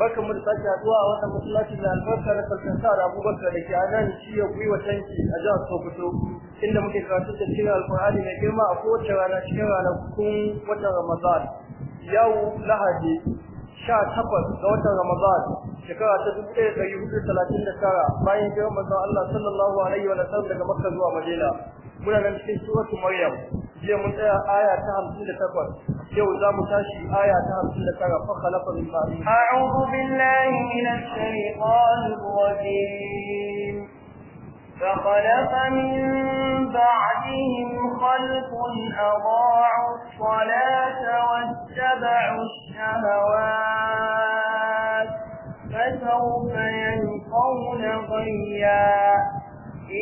barkan mu da sake haduwa a wannan masallaci da albarka na sa da abubakar da ke anan shi ya gwiwa tanki a jihar sokoto inda muke karatu da cikin alkur'ani mai girma a kowace rana cikin ranakun watan ramadan yau lahadi sha takwas ga watan ramadan shekara ta dubu ɗaya ɗari hudu talatin da tara bayan jiran manzon Allah sallallahu alaihi wa sallam daga Makka zuwa Madina muna nan cikin suratu Maryam jiya mun tsaya aya ta hamsin da takwas yau za mu tashi aya ta hamsin da tara fa khalaqa min ba'di a'udhu billahi minash shaitanir rajim فخلف من بعدهم خلق أضاعوا الصلاة واتبعوا الشهوات فسوف يلقون غيا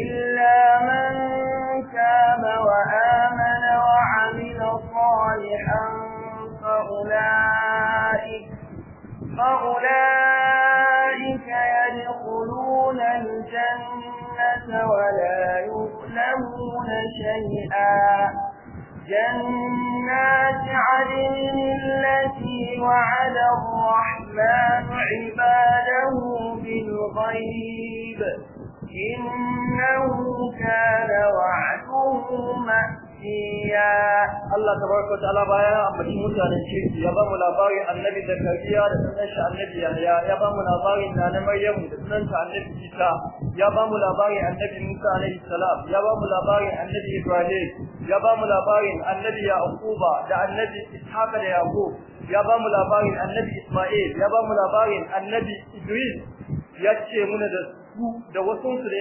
إلا من تاب وآمن وعمل صالحا فأولئك, فأولئك يدخلون الجنة ولا يظلمون شيئا جنات عدن التي وعد الرحمن الرحمن عباده بالغيب إنه كان وعده مأتوبا ya Allah tabaraka wa ta'ala a ambaci mutanen ce ya ba mu labarin annabi da kariya da sunan shi annabi yahya ya ba mu labarin nana maryamu da sunan shi annabi isa ya ba mu labarin annabi musa alaihi salam ya ba mu labarin annabi ibrahim ya ba mu labarin annabi yaquba da annabi ishaq da yaqub ya ba mu labarin annabi isma'il ya ba mu labarin annabi idris ya ce muna da su da wasu su da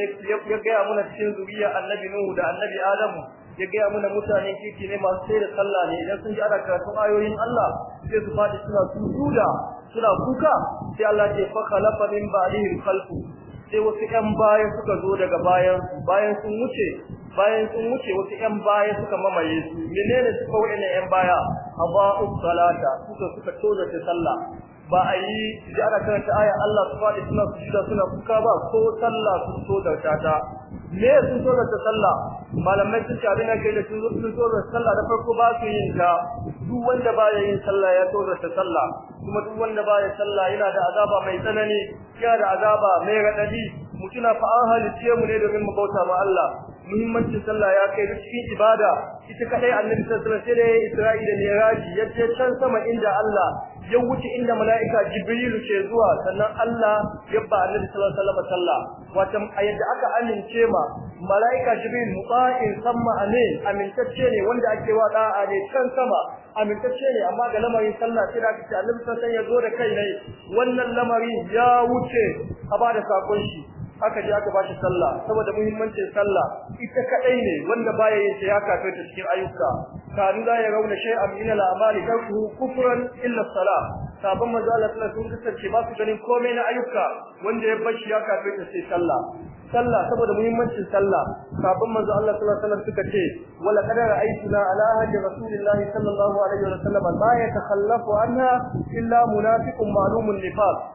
ya gaya muna cikin zuriya annabi nuhu da annabi adamu ya gaya mana mutane kirki ne masu sai da sallah ne idan sun ji ana karatu ayoyin Allah sai su faɗi suna sujuda suna kuka sai Allah ce fa khalafa min ba'dihim khalqu sai wasu ƴan baya suka zo daga bayan bayan sun wuce bayan sun wuce wasu ƴan baya suka mamaye su menene suka wa'ina ƴan baya aba'u salata suka suka toza ta sallah ba a yi da aka karanta aya Allah su faɗi suna suna kuka ba ko sallah sun ta ta me sun so da sallah malamai sun ce abin da kai da sun so da sallah da farko ba su yin ta duk wanda baya yin sallah ya so da sallah kuma duk wanda baya sallah yana da azaba mai tsanani yana da azaba mai radadi mutuna fa an halice mu ne domin mu bauta ma Allah muhimmancin sallah ya kai cikin ibada ita kadai annabi sallallahu alaihi wasallam sai da Isra'ila ne raji yace can sama inda Allah ya wuce inda mala'ika jibrilu ke zuwa sannan Allah ya ba annabi sallallahu alaihi wasallam sallah wato a yadda aka amince ma mala'ika jibril muta'in samma ane amintacce ne wanda ake wa da'a ne can sama amintacce ne amma ga lamarin sallah sai da kace annabi sallallahu alaihi wasallam ya zo da kai ne wannan lamarin ya wuce a ba da sakon shi aka je aka bashi sallah saboda muhimmancin sallah ita kadai ne wanda baya yin ya kafe ta cikin ayyuka kanu rauna yarawna shay'an min al-a'mali tarku kufran illa as-salah sabon manzo Allah sallallahu alaihi wasallam ba su ganin komai na ayyuka wanda ya bashi ya kafe ta sai sallah sallah saboda muhimmancin sallah sabon manzo Allah sallallahu alaihi wasallam suka ce wala qadara aituna ala hajji rasulillahi sallallahu alaihi wasallam la yatakhallafu anha illa munafiqun ma'lumun nifaq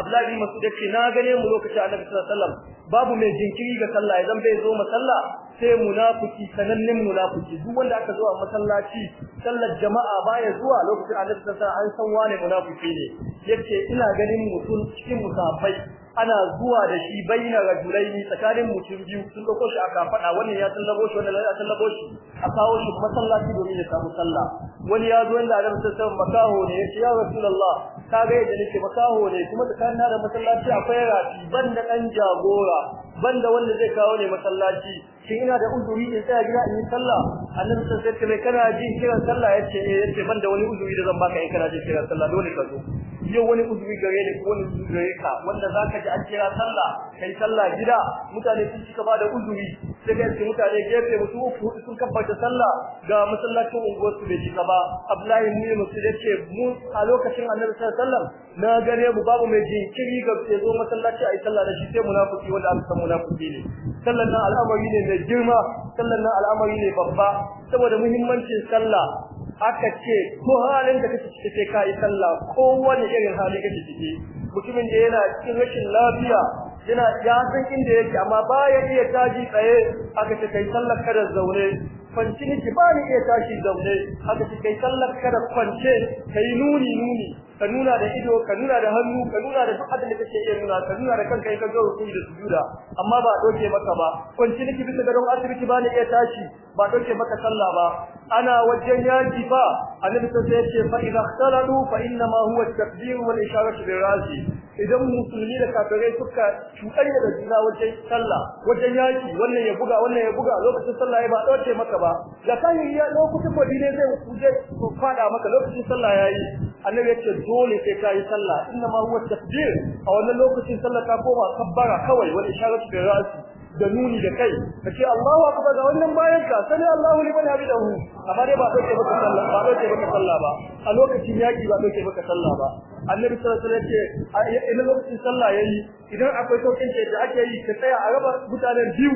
Abdullahi bin Mas'ud yace na gane mu lokacin Annabi sallallahu alaihi wasallam babu mai jinkiri ga sallah idan bai zo masalla sai munafiki sanannen munafiki duk wanda aka zo a masallaci sallar jama'a baya zuwa lokacin Annabi sallallahu alaihi wasallam an san wane munafiki ne yace ina ganin mutum cikin musafai ana zuwa da shi bayyana rajulaini tsakanin mutum biyu sun dauko shi aka fada wannan ya tallabo shi wannan ya tallabo shi a kawo shi masallaci domin ya samu sallah wani ya zo inda Annabi sallallahu alaihi wasallam makaho ne yace ya Rasulullah kaga yadda nake makaho ne kuma tsakanin da masallaci akwai rafi banda dan jagora banda wanda zai kawo ne masallaci shin ina da uzuri in tsaya gida in yi sallah annabi sallallahu alaihi wasallam kana jin kiran sallah yace eh yace banda wani uzuri da zan baka in kana jin kiran sallah dole ka zo yau wani uzuri gare ni ko wani uzuri gare ka wanda zaka ji an kira sallah kai sallah gida mutane sun cika ba da uzuri sai ga su mutane gefe musu uku sun ta sallah ga masallacin unguwar su bai cika ba Abdullahi ne mutum ya ce mu a lokacin Annabi sallallahu alaihi wasallam na gare mu babu mai kiri ga sai zo masallaci ai sallah da shi sai munafiki wanda aka san munafiki ne sallan nan al'amari ne mai girma sallan nan al'amari ne babba saboda muhimmancin sallah aka ce ko halin da kake ciki sai ka sallah ko wani irin hali kake ciki mutumin da yana cikin rashin lafiya yana ya san inda yake amma baya iya taji tsaye aka ce kai sallar kada zaune kwanci ki ba ni iya tashi zaune haka ki kai sallar kada kwance kai nuni nuni ka nuna da ido ka nuna da hannu ka nuna da duk abin da kake iya nuna ka nuna da kanka ka zo rukuni da sujuda amma ba doke maka ba kwanci nake bisa gadon asibiti ba ni iya tashi ba doke maka sallah ba ana wajen yaji ba annabi sai ya ce fa idha ikhtalalu fa inna ma huwa at-takbir wal isharatu bil rasi idan musulmi da kafirai suka cuɗanya da juna wajen sallah wajen yaki wannan ya buga wannan ya buga lokacin sallah ya ba dauke maka ba da kai ya lokacin kudi ne zai kuje ko fada maka lokacin sallah yayi annabi yace dole sai ka yi sallah inna ma huwa takbir a wannan lokacin sallah ta koma kabbara kawai wani isharatu da ra'si da nuni da kai kace Allahu akbar ga wannan bayan ka sani Allahu liman habidahu amma dai ba dauke maka sallah ba dauke maka sallah ba a lokacin yaki ba dauke baka sallah ba annabi sallallahu alaihi wasallam ce a lokacin sallah yayi idan akwai tokin da ake yi ka tsaya a raba mutanen biyu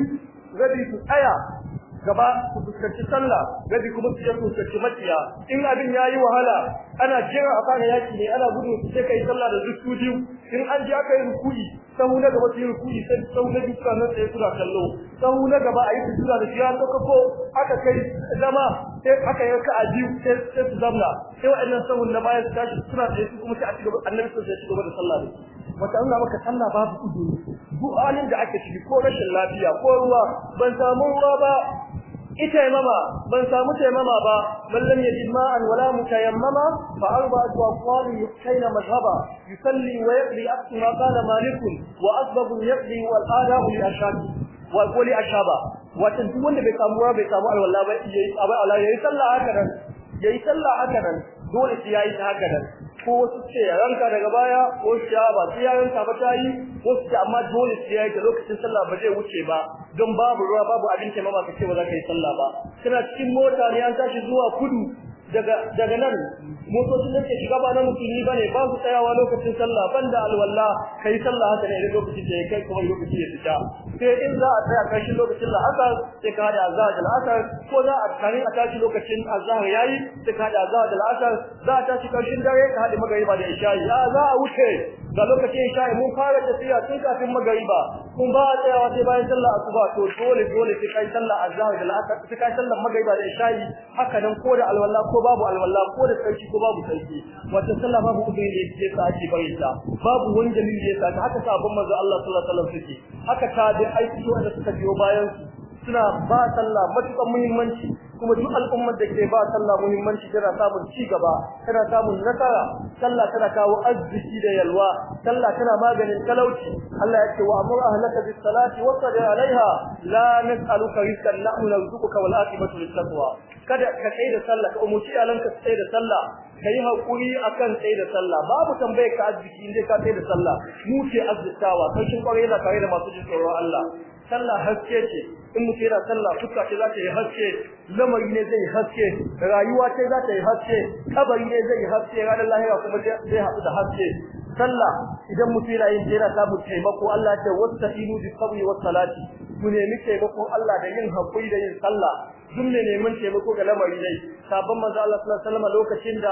rabi su tsaya gaba su fuskanci sallah gadi kuma su yi fuskanci makiya in abin yayi wahala ana jira a fara yaki ne ana gudu su kai sallah da duk biyu in an ji aka yi rukuyi sahu na gaba su yi rukuni sai sahu na biyu suna nan tsaye suna kallo sahu na gaba a yi sujuda da shi har ko aka kai zama sai aka yanka a biyu sai su zamna sai wa'annan sahun na baya su tashi suna tsaye su kuma sai a ci gaba annabi sai ya ci gaba da sallah da wata nuna maka sallah babu uzuri du'anin da ake ciki ko rashin lafiya ko ruwa ban samu ruwa ba ita imama ban samu taimama ba ballan ya jima an wala mutayammama fa arba aqwal yukaina madhhaba yusalli wa yaqdi aqsa ma qala malik wa asbabu yaqdi wal ada li ashab wa qali ashaba wato duk wanda bai samu bai samu alwala ba yayi sallah haka nan yayi sallah haka nan dole sai yayi ta haka nan ko wasu ce ranka daga baya ko shi ba sai yayin ta ba tayi ko ce amma dole sai yayi lokacin sallah ba zai wuce ba don babu ruwa babu abin ke ma ba ka ce ba za ka yi sallah ba kana cikin mota ne an tashi zuwa kudu daga nan motocin da ke shiga ba na musulmi ba ne ba su tsayawa lokacin sallah banda alwala kai sallah haka ne lokacin da ya kai kuma lokacin ya fita sai in za a tsaya karshen lokacin la'asar sai ka hada azhar da la'asar ko za a tsari a tashi lokacin ya yayi sai ka hada azhar da la'asar za a tashi karshen dare ka hada magariba da isha ya za a wuce ga lokacin sha'i mun fara tafiya tun kafin magariba kun ba a tsayawa sai bayan sallah asuba to dole dole sai kai sallah azhar da la'asar sai kai sallah magariba da sha'i haka nan ko da alwala ko babu alwala ko da sarki ko babu sarki wata sallah babu kudin da yake sa ake barin ta babu wani dalili da yasa haka sabon manzo Allah sallallahu alaihi wasallam suke haka ta da aiki wanda suka biyo bayan su suna ba sallah matukan muhimmanci kuma duk al'ummar da ke ba sallah muhimmanci tana samun ci gaba tana samun nasara sallah tana kawo arziki da yalwa sallah tana maganin talauci Allah ya ce wa amur ahlaka bis salati wa da alaiha la nas'aluka rizqan nahnu narzuquka wal aqibatu lit taqwa kada ka tsaye da sallah ka umurci alanka tsaye da sallah kai hakuri akan tsaye da sallah babu tambaye ka arziki inda ka tsaye da sallah mu ce arzikawa kai shin kwarai da kare da masu jin tsoron Allah sallah haske ce in muke da sallah fuska ce za ta yi haske lamari ne zai haske rayuwa ce za ta yi haske kabari ne zai haske ranar lahira kuma zai haɗu da haske sallah idan muke da yin ta mu taimako Allah ce wasta'inu bi sabri was salati ku nemi taimako Allah da yin hakuri da yin sallah duk ne neman taimako ga lamari ne sabon manzo Allah sallallahu alaihi wasallam lokacin da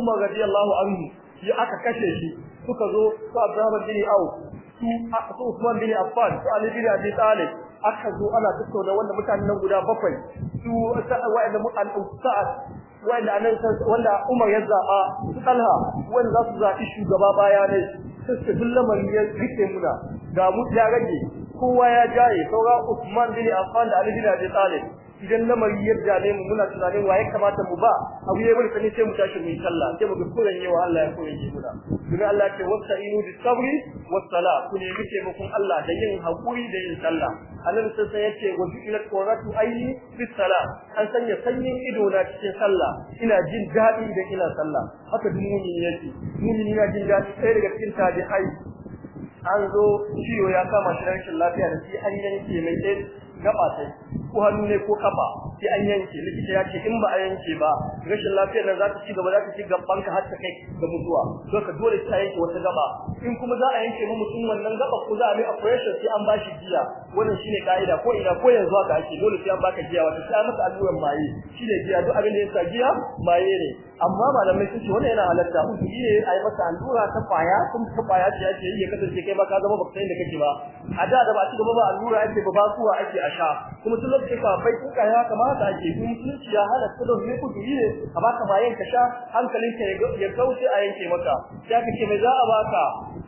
Umar radiyallahu anhu ya aka kashe shi suka zo su Abdurrahman bin au su Usman bin Affan su Ali bin Abi Talib aka zo ana tattauna wanda mutanen nan guda bakwai su wa'anda mutan Sa'ad wanda anan wanda Umar ya zaba su Talha wanda za su zaɓi shugaba baya ne sai duk lamarin ya rike muna ga mu ya rage kowa ya jaye saura Usman bin Affan da Ali bin Abi Talib idan lamari ya dame mu muna tunanin wa ya kamata mu ba abu ya bari sani sai mu tashi mu yi sallah sai mu ga koyan yawa Allah ya koyi ji muna domin Allah ce inu bis sabri was sala ku ne muke mukun Allah da yin hakuri da yin sallah annabi sai sai yace wa ila qoratu ayyi fi sala an sanya sanyin ido na cikin sallah ina jin dadi da ina sallah haka duk mu'min mun mu'min ina jin dadi sai daga cikin ai an zo ciwo ya kama shi rashin lafiya da shi an yanke mai gaba sai ko hannu ne ko kafa sai an yanke likita ya ce in ba a yanke ba rashin lafiyar nan za ta ci gaba za ta ci gaban ka har ta kai ga mutuwa to ka dole sai yanke wata gaba in kuma za a yanke mu mutum wannan gaba ko za a yi operation sai an ba shi giya wannan shine kaida ko ina ko yanzu haka ake dole sai an baka giya wata sai an masa alluran maye shine jiya, duk abin da ya sa jiya maye ne amma malamai sun ce wannan yana halatta su ne a yi masa allura ta kwaya kun ta kwaya ce ake yi ya kasance kai ba ka zama bakwai da kake ba a da da ba a ci gaba ba allura ake ba ba suwa ake a sha kuma tun lokacin ka bai kuka ya ba haka ake yi ci ya halatta da mai Yi ne a baka bayan ka sha hankalinka ya kauce a yanke maka Ya kace me za a baka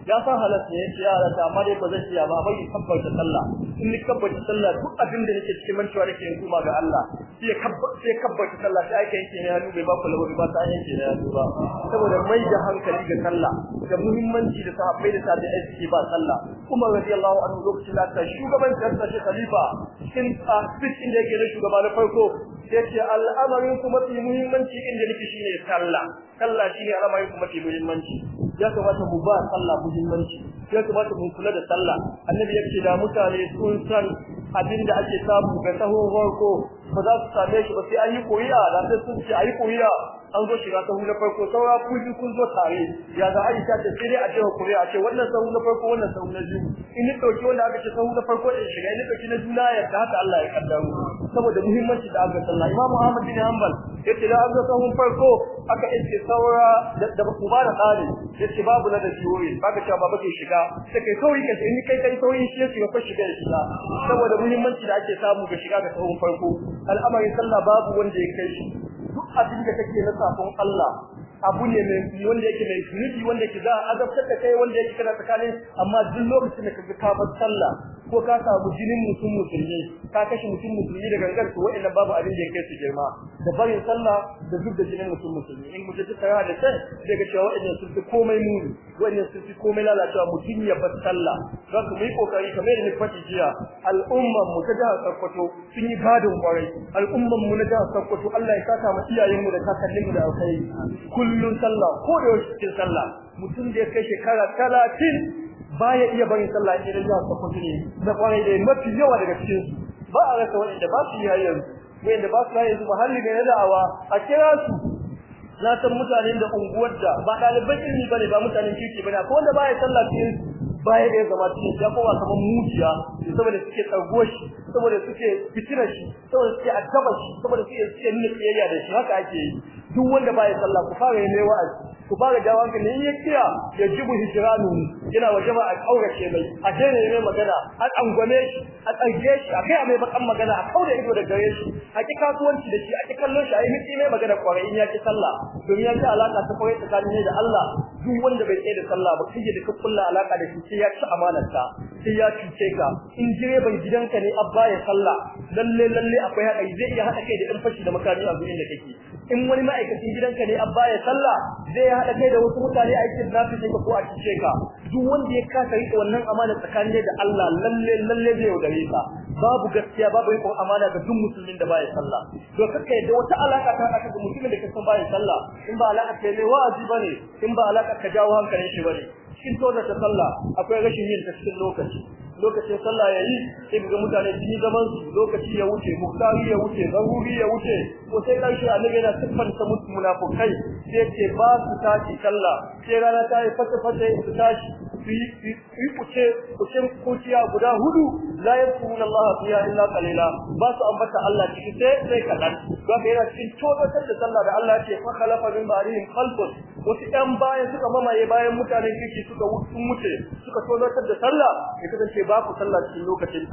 ya san halatta ne ya halatta amma dai ba zai iya ba bai tabbata sallah in ni da sallah duk abin da nake cikin mantuwa nake yin kuma ga Allah sai sai da sallah sai ake yanke ne hannu ba ku lawa ba ta yanke ne hannu ba saboda mai da hankali ga sallah da muhimmanci da sahabbai da da suke ba sallah kuma radiyallahu anhu lokacin da shugaban da shi khalifa ta cikin da yake shugaban na farko yace al'amarin ku mafi muhimmanci inda nake shine sallah sallah shine al'amarin ku mafi muhimmanci ya kamata mu ba sallah muhimmanci ya kamata mu kula da sallah annabi ya ce da mutane sun san abin abinda ake samu ga taho farko ba za su same shi ba sai an yi a da sai sun ce ayi koyiya an zo shiga sahu na farko saura kun kun zo tare ya ga Aisha ta ce dai a ce ku a ce wannan sahu na farko wannan sahu na biyu in ni dauki wanda aka ce sahu na farko in shiga in dauki na juna ya da haka Allah ya kaddaro saboda muhimmanci da aka sallah Imam Muhammad bin Hanbal yace da aka sahun farko aka ce saura da ku ba da tsari yace babu na da jiwoyi baka cewa babu ke shiga sai kai sauri ka sai ni kai kai sauri shi yace ka shiga ya shiga saboda muhimmanci da ake samu ga shiga ga sahun farko al'amarin sallah babu wanda ya kai shi duk abin da kake na sakon Allah abu ne mai wanda yake mai zunubi wanda yake za a azabtar da kai wanda yake kana tsakanin amma duk lokacin da kaga ka bar sallah ko ka samu jinin mutum musulmi ka kashe mutum musulmi da gangar ko wa'annan babu abin da yake su girma da barin sallah da zubda jinin mutum musulmi in mutum ta yawa da sai daga cewa wa'annan sun fi komai muni wa'annan sun fi komai lalacewa mutum ya bar sallah za su yi kokari kamar yadda faɗi jiya al'umman mu ta jihar Sokoto sun yi gadon kwarai al'umman mu na jihar Sokoto Allah ya saka mu iyayen mu da kakannin mu da alkhairi kullun sallah ko da cikin sallah mutum da ya kai shekara 30 baya iya barin sallah idan zuwa sako ne da kwarai da mafi yawa daga cikin su ba a rasa da ba su yi hayyan yanzu da ba su yi yanzu ba har ga da'awa a kira su na san mutanen da unguwar da ba ɗaliban ilimi bane ba mutanen kirki bane ko wanda baya sallah cikin su baya da zama cikin jakowa kamar mujiya saboda suke tsargo shi saboda suke fitina shi saboda suke addaba shi saboda suke suke nuna da shi haka ake yi duk wanda baya sallah ku fara yi mai wa'azi ku fara jawo hankali ne ya kiya ya jibu hijiranu yana wa jama'a kaurace mai a daina yi magana an angwame shi a tsarge shi a kai a mai bakan magana a kaure ido da gare shi a ki kasuwanci da shi a ki kallon shi a yi mai magana kwarai in ya ki sallah domin ya ci alaka ta kwarai tsakanin da Allah duk wanda bai tsaye da sallah ba kai da ka kulla alaka da shi sai ya ci amanarta sai ya cuce ka in jire direban gidanka ne abba ya salla lalle lalle akwai haɗari zai iya haɗa kai da ɗan fashi da makami a gurin da kake in wani ma'aikacin gidanka ne abba ya salla zai haɗa kai da wasu mutane a cikin zafi ka ko a cuce ka duk wanda ya kasa riƙe wannan amana tsakanin da Allah lalle lalle zai yaudare ka babu gaskiya babu riƙon amana ga duk musulmin da baya sallah to kaka yadda wata alaka ta aka ga musulmin da san baya sallah in ba alaka ce mai wa'azi ne, in ba alaka ka jawo hankalin shi ba ne cikin tozarta sallah akwai rashin yin ta cikin lokaci lokacin sallah yayi sai ga mutane sun yi zaman su lokaci ya wuce muktari ya wuce zaruri ya wuce ko sai karshe annabi yana siffanta musu munafukai sai ce ba su tashi sallah sai rana ta yi fata fata su tashi yi kuce kucin kuciya guda hudu la yadkuruna Allah fiha illa qalila ba su ambata Allah ciki sai sai kadan don yana cikin tobatar da sallah da Allah ce fa khalafa min ba'dihim khalqun wasu ƴan baya suka mamaye bayan mutanen kirki suka sun wuce suka tobatar da sallah ya kasance ba ku sallah cikin lokacin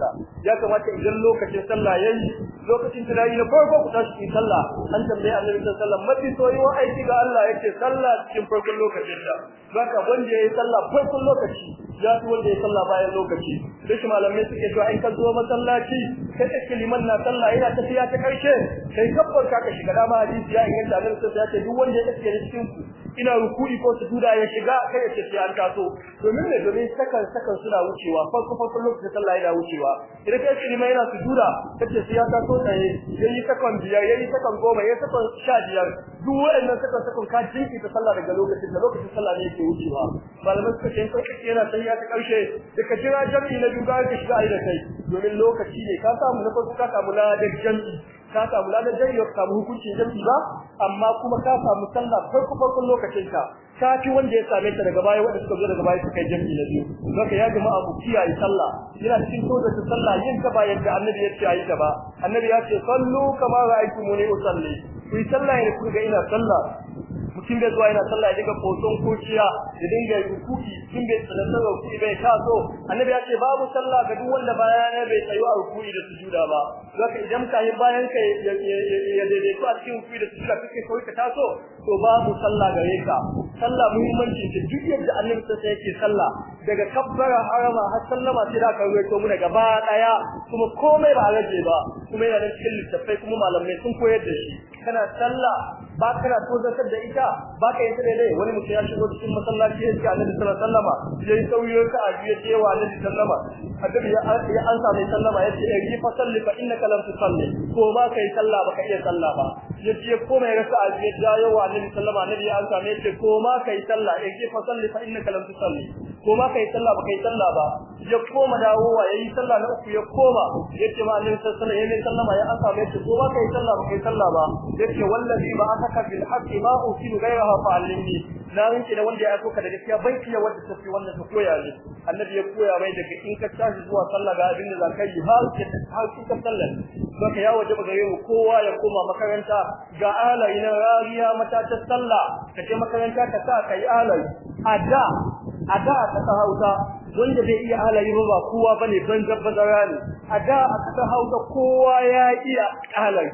ya kamata idan lokacin sallah yayi lokacin tunayi na farko ku tashi sallah an tambaye Annabi sallallahu alaihi wasallam mafi soyuwa aiki ga Allah yake sallah cikin farkon lokacin ta haka wanda yayi sallah farkon lokacin lokaci ya fi wanda ya sallah bayan lokaci duk malamai suke cewa in ka zo masallaci kai ta kiliman na sallah yana tafiya ta karshe kai kabbar ka shiga dama hadisi ya inganta annabi sai ya ce duk wanda ya kace cikin ku ina ruku'i ko sujuda ya shiga kai ya ce an taso domin ne domin sakan sakan suna wucewa farko farko lokacin sallah yana wucewa idan kai ce na yana sujuda kace sai ya taso tsaye yayi sakan biyar yayi sakan goma yayi sakan sha biyar duk wa'annan sakan sakan ka jinki ta sallah daga lokacin da lokacin sallah ne yake wucewa malaman suka ce kai yana ya ta karshe ka jira jami'i na duba ka shiga aida kai domin lokaci ne ka samu na farko ka samu na da jami'i ka samu ladan jami'i samu hukuncin jami'i ba amma kuma ka samu sallah farko farkon lokacin ka ka fi wanda ya same ta daga baya wanda suka zo daga baya suka yi jami'i na biyu zaka ya jama'a ku kiyaye sallah yana cikin soja ta sallah yin ta ba yadda annabi ya ce ayi ta ba annabi ya ce sallu kama ra'aytumuni usalli ku yi sallah ne ku ga ina sallah mutum bai zuwa yana sallah ya dinga koton kuciya ya dinga rukuki mutum bai sallar rukuki bai taso annabi ya ce babu sallah ga duk wanda na bai tsayu a rukuki da sujuda ba zaka idan ka yi bayan ka ya daidaito a cikin rukuki da sujuda kake kai ka taso to babu sallah gare ka sallah muhimmancin ta duk yadda annabi sai yake sallah daga kabbara harama har sallama sai da ka ruwaito muna gaba daya kuma komai ba rage ba kuma yana da cikin littafai kuma malamai sun koyar da shi kana sallah ba kana tozartar da ita ba ka yi dai wani mutum ya shigo cikin masallaci ya ce annabi sallallahu alaihi wasallama ya yi sauyo ka a biye ce wa annabi sallama annabi ya ya an mai sallama ya ce yi fa salli fa innaka lam tusalli ko ba kai sallah ba ka iya sallah ba ya ce ko mai rasa a biye da yawa annabi sallama annabi ya an sa mai ce ko ma kai sallah ya ce fa salli fa innaka lam tusalli ko ma kai sallah ba kai sallah ba ya koma dawowa yayi sallah na uku ya koma yace ma annabi sallallahu alaihi wasallam sallama ya asa mai ko ma kai sallah ba kai sallah ba yace wallazi ba ataka bil haqqi ma usilu ghayraha fa allimni na rinke da wanda ya aiko ka da gaskiya bai kiya wanda ta wannan ta koya ne annabi ya koya mai daga in ka tashi zuwa sallah ga abin da zakai yi har ka har ka sallah ya waje ba gare mu kowa ya koma makaranta ga alayi rariya mata ta sallah ka je makaranta ka sa kai alayi a da a da a ƙasar hausa wanda bai iya halayi ba ba kowa bane ban bazara ne a da a ƙasar hausa kowa ya iya halayi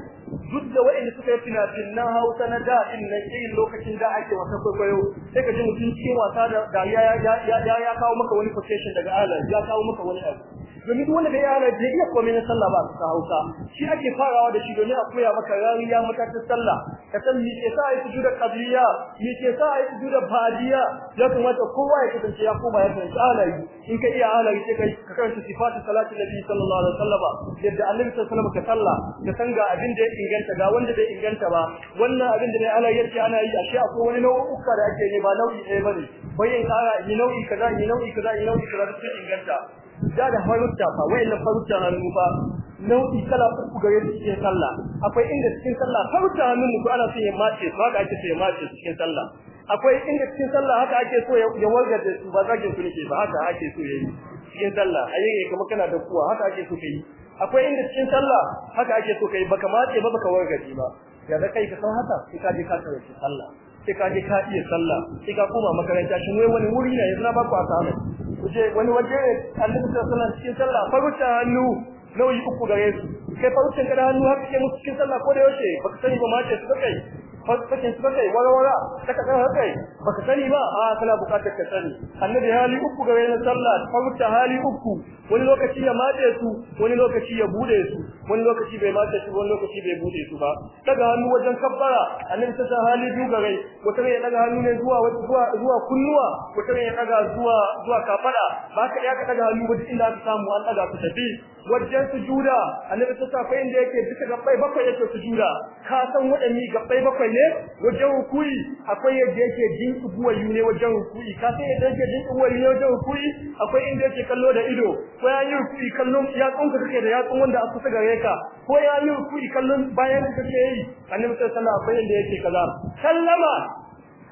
duk da waɗanda suka yi fina-finan hausa na da in ke irin lokacin da ake wasa kwaikwayo sai ka ji mutum cikin wasa da ya kawo maka wani quotation daga halayi ya kawo maka wani abu domin duk wanda bai yana da iya komai na sallah ba ta Hausa shi ake farawa da shi domin a koya maka rariya matakin sallah ka san me ke sa yi sujuda qabliya me ke sa su sujuda badiya ya kamata kowa ya kasance ya koma ya kasance alayi in ka iya alayi sai kai ka karanta sifatu salati nabi sallallahu alaihi wasallam yadda annabi sallallahu alaihi wasallam ka sallah ka san ga abin da ya inganta ga wanda bai inganta ba wannan abin da ne alayi yake ana yi ashe akwai wani uka da ake yi ba nau'i ɗaya bane bayan tsara yi nau'i kaza yi nau'i kaza yi nau'i kaza duk inganta guda da farutta fa wayannan farutta hannu fa nau'i kala uku gare su cikin sallah akwai inda cikin sallah farutta na ku ana son ya mace to haka ake so ya mace cikin sallah akwai inda cikin sallah haka ake so ya warga da su ba zakin su nake ba haka ake so ya yi cikin sallah ayi kuma kana da kuwa haka ake so kai akwai inda cikin sallah haka ake so kai baka mace ba baka warga ba yanzu kai ka san haka sai ka je ka cikin sallah sai ka je ka iya sallah sai ka koma makaranta shi ne wani wuri ne yanzu na ba ku asara je wani waje annabi sallallahu alaihi cikin sallah farauta hannu nauyi uku gare su kai farautan kada hannu haka cikin sallah ko da yaushe baka sani ba ma ce su kai fasakin suka kai warwara saka tsaya kai baka sani ba a kana bukatar ka sani annabi hali uku ga na sallah farta hali uku wani lokaci ya mace su wani lokaci ya bude su wani lokaci bai mace su wani lokaci bai bude su ba daga hannu wajen kabbara annabi ta hali biyu ga rai wata ne daga hannu ne zuwa zuwa zuwa kunnuwa wata ne daga zuwa zuwa kafada ba ka ya ka daga hannu wajen inda aka samu an daga ku tafi wajen sujuda annabi ta sa fa inda yake duka gabbai bakwai yake sujuda ka san wadanni gabbai bakwai ne wajen rukui akwai yadda yake jinkubuwa ne wajen rukui ka san yadda yake jinkubuwa ne wajen rukui akwai inda yake kallo da ido ko ya yi rukui kallon ya ka kake da yatsun wanda aka kusa gare ka ko ya yi rukui kallon bayan da kake yi annabi sallallahu alaihi wasallam akwai yadda yake kaza sallama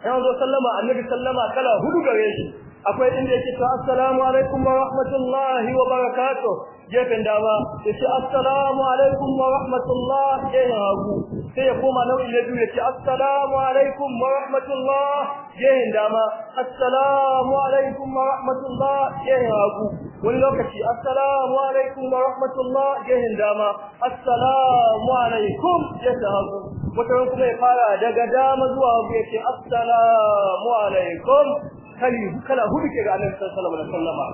zo sallama annabi sallama kala hudu gare shi akwai inda yake to assalamu alaikum wa rahmatullahi wa barakatuh gefen dama yace assalamu alaikum wa rahmatullah gefen hagu sai ya koma nau'i na biyu yace assalamu alaikum wa rahmatullah gefen dama assalamu alaikum wa rahmatullah gefen hagu wani lokaci assalamu alaikum wa rahmatullah gefen dama assalamu alaikum gefen hagu wato kuma ya fara daga dama zuwa hagu yace assalamu alaikum kali kala hudu ke ga annabi sallallahu alaihi wasallama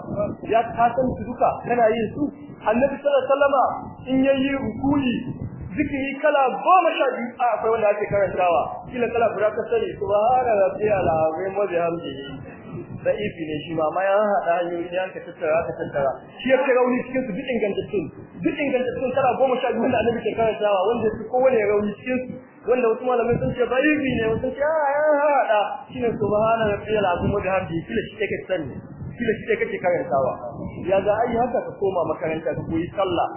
ya ka san su duka kana yin su annabi sallallahu alaihi wasallama in yayi rukuni zikiri kala goma sha biyu a akwai wanda ake karantawa kila kala guda ka sani subhana rabbiyal azim wa da ifi ne shi ma mai hada hanyoyi ya ka tattara ka tattara shi ya kira rauni cikin su duk ingantattun duk ingantattun kala goma sha biyu da annabi ke karantawa wanda su kowane rauni cikin su wanda wasu malamai sun ce baibi ne wasu ce a ah, ya hada shine subhana rabbiyal azim wa bihamdi kila shi take sani kila shi take karantawa ya ga ai haka ka koma makaranta ka koyi sallah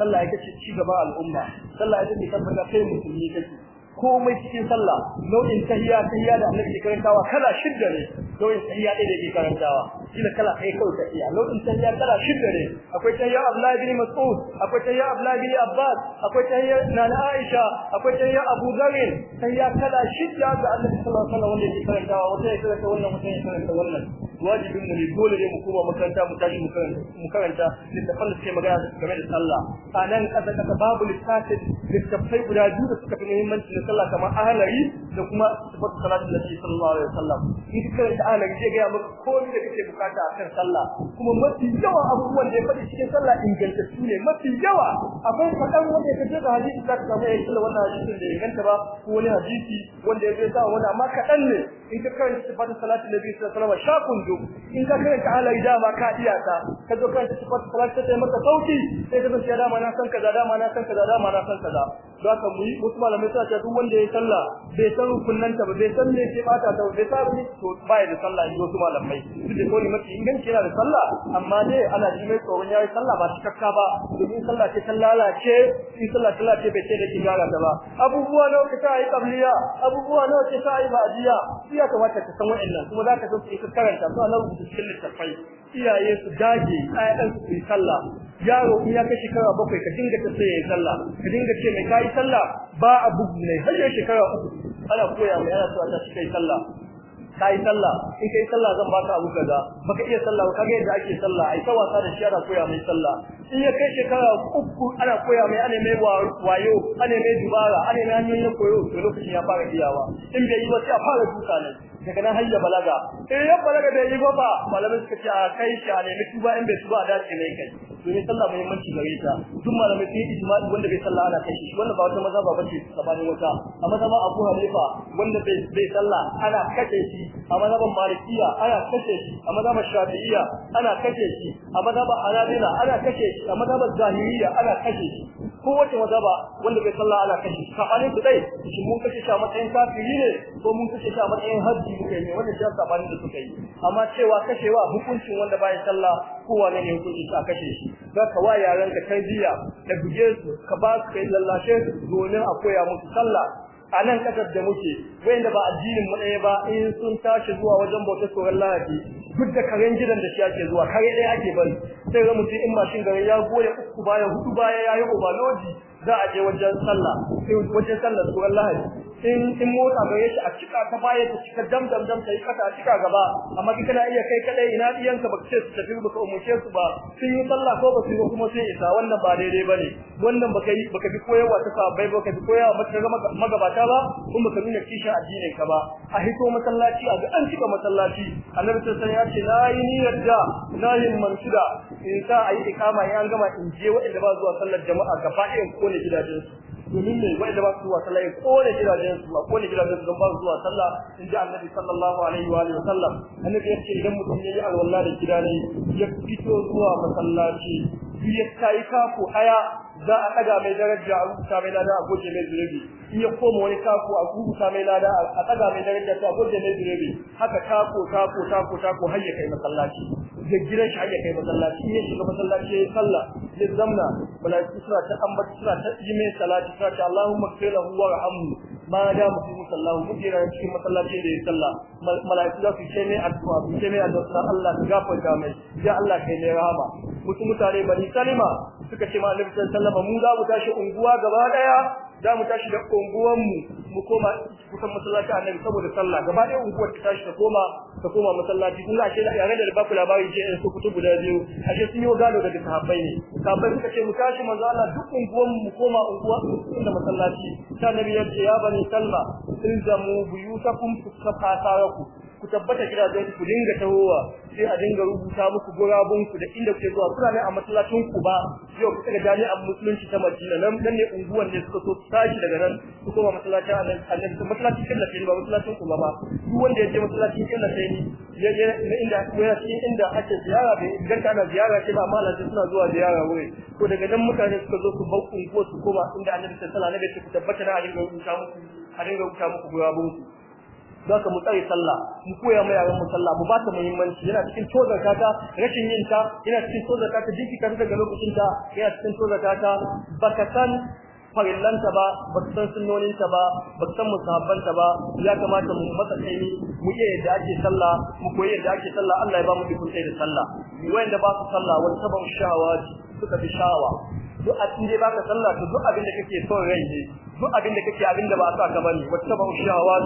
sallah ya ce ci gaba al'umma sallah ita ce tabbata kai musulmi kake komai cikin sallah nau'in tahiyya tahiyya da annabi karantawa kala shidda ne kawai sai ya dai da ke karantawa kila kala kai kawai ka iya lokacin sai ya kala shida ne akwai tayya Abdullah bin Mas'ud akwai tayya Abdullah bin Abbas akwai tayya Nana Aisha akwai tayya Abu Dharr tayya kala shida ga Annabi sallallahu alaihi wasallam wanda ke karantawa wanda ya karanta wannan wanda ya karanta wannan wajibin mu ne dole ne mu koma makaranta mu tashi mu karanta mu karanta littafin da suke magana game da sallah a nan kasa kasa babu littafin littafai guda biyu da suka fi muhimmanci na sallah kamar ahlari da kuma sifatu salatin nabi sallallahu alaihi wasallam in karanta subhanak zai gaya maka komai da kake bukata akan sallah kuma mafi yawa abubuwan da ya faɗi cikin sallah ingantattu ne mafi yawa akwai faɗan wanda ya kace da hadisi za ka samu ya yi wannan hadisin da inganta ba ko wani hadisi wanda ya zai sa wani amma kaɗan ne in ka karanta sifatu salatu nabi sallallahu alaihi wasallam shakun do in ka karanta alayi dama ka iya ta ka zo karanta sifatu salatu ta maka sauki sai ka zance dama na san kaza dama na san kaza dama na san kaza za ka mu yi wasu malamai suna cewa duk wanda ya yi sallah bai san rukunanta ba bai san me ke bata ta bai san to bai da sallah in wasu malamai duk da kawai mafi inganci yana da sallah amma dai ana ji mai tsoron yayi sallah ba cikakka ba domin sallah ce ta lalace in sallah ta lalace bai ce da ki gyara da ba abubuwa nawa ka yi qabliya abubuwa nawa ka yi ba'diya ya kamata ka san wa'annan kuma ka san su ka karanta su Allah rubuta cikin littafai iyaye su dage ayatan su yi sallah yaro in ya kai shekara bakwai ka dinga ta sai ya yi sallah ka dinga ce mai kai sallah ba a bugu ne har shekara uku ana koya mai ana so ta kai sallah ka yi sallah in kai sallah zan baka abu kaza baka iya sallah ba kaga yadda ake sallah ai ta wasa da shi ana koya mai sallah in ya kai shekara uku ana koya mai ana mai wayo ana mai dubara ana mai hanyoyin koyo to lokacin ya fara iyawa in bai yi ba sai a fara duka ne daga nan har ya balaga in eh, ya balaga bai yi ba ba malamin suka ce a kai shi a nemi tuba in bai tuba a dace ne kai domin sallah muhimmanci gare ta duk malamai sun yi ijma'i wanda bai sallah ana kai shi wannan ba wata maza ba bace tsakanin wata a mazhaban Abu Hanifa wanda bai bai sallah ana kashe shi a mazhaban Malikiya ana kashe shi a mazhaban Shafi'iyya ana kashe shi a mazhaban Hanabila ana kashe shi a mazhaban Zahiriyya ana kashe shi Ko maza ba wanda bai sallah ana kashe shi tsakanin su dai shi mun kashe shi a matsayin kafiri ne ko mun kashe shi a matsayin haddi muke ne wanda shi sabanin da suka yi amma cewa kashewa hukuncin wanda bai sallah kowa ne ne hukunci ta kashe shi za ka wa ka tarbiya ka buge su ka ba su kai lallashe su domin a koya musu sallah a nan kasar da muke wayanda ba addinin mu ɗaya ba in sun tashi zuwa wajen bautar tsoron lahadi duk da karen gidan da shi ake zuwa kare ɗaya ake bari sai ga mutum in mashin garin ya goya uku baya hudu baya ya yi za a je wajen sallah sai wajen sallah tsoron lahadi in mota bai shi a cika ta baya ta cika dam dam dam ta yi kasa a cika gaba amma ki kana iya kai kadai ina diyanka baka ce su tafi baka umurce su ba sun yi sallah ko ba su yi kuma sai isa wannan ba daidai bane wannan baka yi baka bi koyarwa ta sabai baka bi koyarwa ga magabata ba kuma ka nuna kishin addinin ka ba a hito masallaci a ga an cika masallaci annabi sallallahu alaihi wasallam ya ce la yi niyyar da la yi mansuda in sa ayi ikama in an gama in je waɗanda ba zuwa sallar jama'a gaba ɗayan kone gidajensu domin mai ne da ba su zuwa sallah ya kone gidajen su a kone gidajen su don ba su zuwa sallah in ji annabi sallallahu alaihi wa alihi wasallam annabi ya ce idan mutum ya yi alwala da gida ne ya fito zuwa masallaci biyar ta yi kafu aya za a ɗaga mai daraja a rubuta mai lada a goje mai zunubi in ya koma wani kafu a rubuta mai lada a ɗaga mai daraja a goje mai zunubi haka kafu kafu kafu kafu har ya kai masallaci da gidan shi har ya kai masallaci in ya shiga masallaci ya yi sallah ya zamna malaiku suna ta ambata suna ta yi mai salati suna ta Allahumma kailahu wa rahamhu ma da mutum sallahu mutum yana cikin masallaci da ya sallah mala'iku za su ce mai addu'a su ce mai addu'a Allah ka gafarta mai ya Allah kai ne rahama mutum mutane bani salima suka ce ma annabi sallallahu alaihi wasallam mu za mu tashi unguwa gaba daya za mu tashi da unguwanmu mu koma kusan masallaci annabi saboda sallah gaba ɗaya unguwar ta tashi ta koma ta koma masallaci kun ashe da yare da baku labari je in su kutu guda biyu ashe sun yi gado daga sahabbai ne sahabbai suka ce mu tashi manzo Allah duk unguwanmu mu koma unguwa inda masallaci ta annabi ya ce ya bani salma ilzamu buyutakum fusafata yakum ku tabbata don ku dinga tahowa sai a dinga rubuta muku gurabun ku da inda kuke zuwa kuna nan a masallacin ku ba yau ku daga jami'an musulunci ta Madina nan nan ne unguwan ne suka so tashi daga nan su koma masallacin Allah ku masallacin killa sai ba masallacin ku ba ba duk wanda yake je masallacin sai ni ya je inda ya shi inda ake ziyara bai ganta da ziyara ce ba malamin suna zuwa ziyara wuri ko daga nan mutane suka zo su bau unguwa su koma inda annabi sallallahu alaihi wasallam ya ce ku tabbata da a dinga rubuta muku a dinga rubuta muku gurabun ku Za ka mu tsare sallah mu koya mai yaran mu sallah mu ba ta muhimmanci yana cikin tozar kata rashin yin ta yana cikin tozar kata jiki ka daga lokacin ta yana cikin tozar kata baka san farillanta ba ba ka san sunnoninta ba ba ka san musahabbanta ba ya kamata mu masa kaimi mu iya yadda ake sallah mu koyi yadda ake sallah Allah ya ba mu ikon sai da sallah wanda ba su sallah wani sabon shawa suka fi shawa duk a cikin ka sallah to duk abin da kake son rai ne duk abin da kake abin da ba a sa ka bane wata ba shawa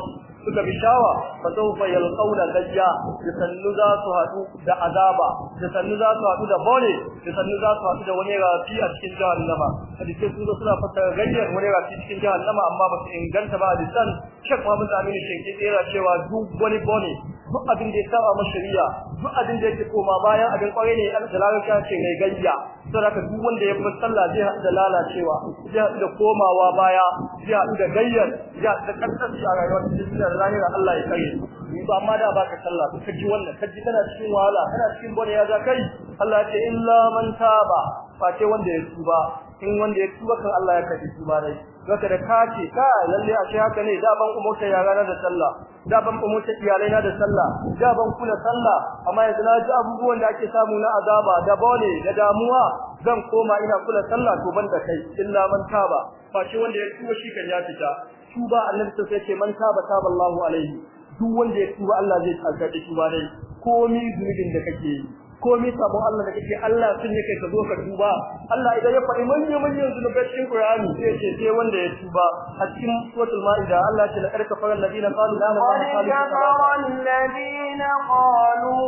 suka bi shawa fa sawfa yalqawna dajja da sannu za su hadu da azaba da sannu za su hadu da bone da sannu za su hadu da wani rafi a cikin jahannama hadisi sun suna fata gayyar wani rafi cikin jahannama amma ba su inganta ba hadisan shek Muhammad Aminu Sheikh ya tsira cewa duk wani bone duk abin da ya saba masa shari'a duk abin da yake koma bayan abin kware ne an dalalaka ce mai gayya saboda duk wanda ya fi sallah zai haɗu da lalacewa ya da komawa baya ya da gayyar ya da da shi a rayuwar da ranar Allah ya kare ni ba ma da baka sallah ka ji wannan ka ji kana cikin wahala kana cikin bone ya za kai Allah ya ce illa man taba fa ce wanda ya tuba in wanda ya tuba kan Allah ya kaji tuba dai zaka da kace ka lalle a shi haka ne da ban umurta yara na da sallah da ban umurta iyalai na da sallah da ban kula sallah amma yanzu na ji abubuwan da ake samu na azaba da bone da damuwa zan koma ina kula sallah to ban da kai illa man taba fa shi wanda ya tuba shi kan ya fita tuba annabi sai ce man taba taballahu alaihi duk wanda ya tuba Allah zai shi tuba dai komi zunubin da kake yi komai sabon Allah da kake Allah sun yake ka zo ka tuba Allah idan ya faɗi manyan manyan zunubai cikin Qur'ani sai ce sai wanda ya tuba a cikin suratul Maida Allah ya ce la karka faran ladina qalu la ilaha ladina qalu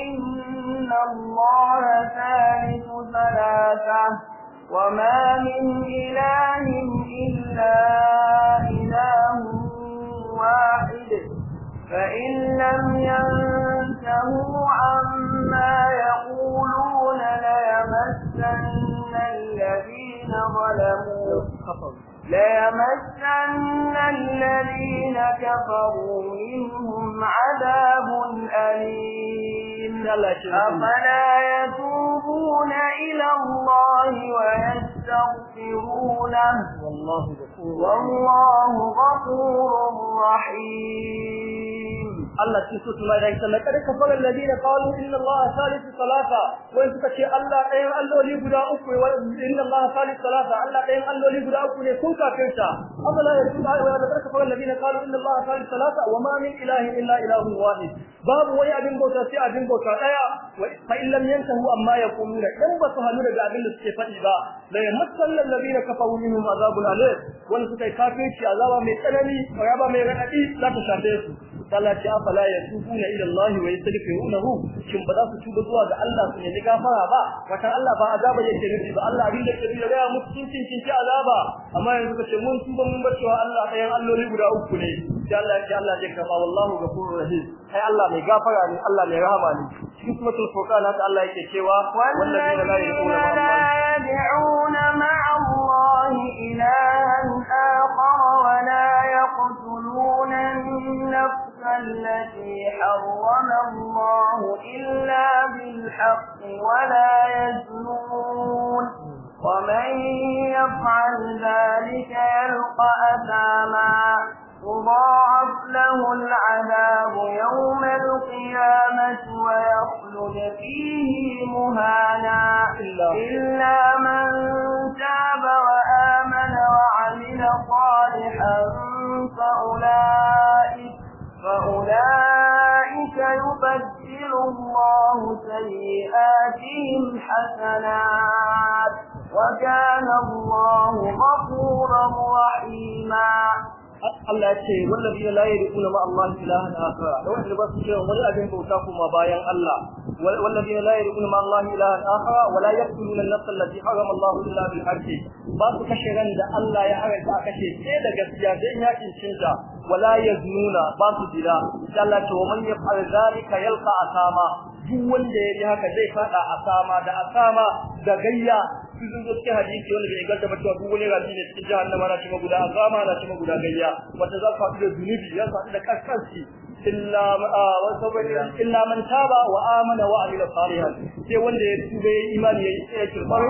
inna Allah thalithu thalatha وما من إله إلا إله واحد فإن لم ينتهوا عما عما يقولون ليمسن الذين كفروا منهم عذاب أليم أفلا يتوبون إلى الله ويستغفرونه والله غفور رحيم Allah cikin su tuma da ita lakar kafara alladina qalu inna Allah salisu salasa wai suka ce Allah ɗayan alloli guda uku ne inna Allah salisu salasa Allah ɗayan alloli guda uku ne kun kafirta afala yasuba wa lakar kafara alladina qalu inna Allah salisu salasa wa ma min ilahin illa ilahun wahid babu wani abin bauta sai abin bauta ɗaya. wa fa in lam yantahu amma ya yaquluna dan ba su hannu daga abin da suke faɗi ba ya la yamassal alladina kafaru minhum azabun alim wani suka kafirci azaba mai tsanani raba mai raɗaɗi, za ta shafe su Allah ce afala yatubuna ila Allah wa yastaghfirunahu shin ba za su tuba zuwa ga Allah su nemi gafara ba wata Allah ba azaba yake nufi ba Allah abin da ke nufi da mu cikin cin ci azaba amma yanzu ka ce mun tuba mun bar cewa Allah ɗayan alloli guda uku ne sai Allah ya Allah ya kafa wallahu ghafurur rahim ai Allah mai gafara ne Allah mai rahama ne cikin suratul furqan ta Allah yake cewa wallazina la yad'una ma'a التي حرم الله إلا بالحق ولا يزنون ومن يفعل ذلك يلقى أثاما يضاعف له العذاب يوم القيامة ويخلد فيه مهانا إلا من تاب وآمن وعمل صالحا فأولئك فأولئك يبدل الله سيئاتهم حسنات وكان الله غفورا رحيما Allah ya ce wallazina la yad'una ma Allah ilahan akhar da wanda ba su cewa wani abin bauta kuma bayan Allah wallazina la yad'una ma Allah ilahan akhar wa la yaqtuluna an-nafs allati harama Allah illa bil haqqi ba su kashe ran da Allah ya haramta a kashe sai da gaskiya sai in yakin cinta wala yaznuna ba su dila Allah ce wa man yaf'al zalika yalqa asama duk wanda ya ji haka zai fada sama da a sama da gayya sun zo cikin hadisi wanda bai ganta ba cewa duk wani rafi ne cikin jahannama na cima guda a sama na cima guda gayya wanda za faɗi da zunubi ya faɗi da kaskanci illa wa sabani illa man taba wa amana wa amila salihan sai wanda ya tube imani ya yi kirbar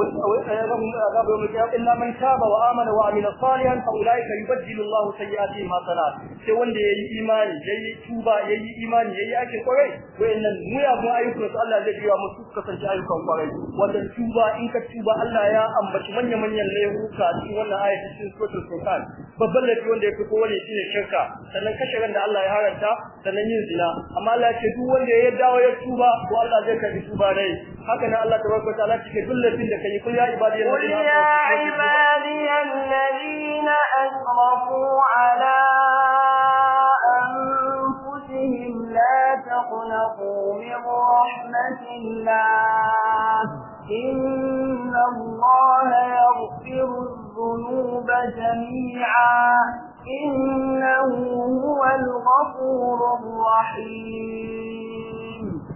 ويذهبهم عذاب يوم القيامة إلا من تاب وآمن وعمل صالحا فأولئك يبدل الله سيئاتهم حسنات sai wanda yayi imani yayi tuba yayi imani yayi aikin kwarai wayannan muyagun ayyukan su Allah zai biya musu kasance ayyukan kwarai wanda tuba in ka tuba Allah ya ambaci manyan manyan laifuka cikin wannan ayatin cikin suratul furqan babban laifi wanda ya fi wani shine shirka sannan kashe ran da Allah ya haranta sannan yin zina amma Allah ya ce duk wanda ya dawo ya tuba to Allah zai karbi tuba dai haka nan Allah tabaraka wa ta'ala cike dullatin da kai kul ya ibadi alladhina ya ibadi alladhina asrafu ala anfusihim la taqnaqu min rahmatillah inna allaha yaghfiru dhunuba jami'a innahu huwal ghafurur rahim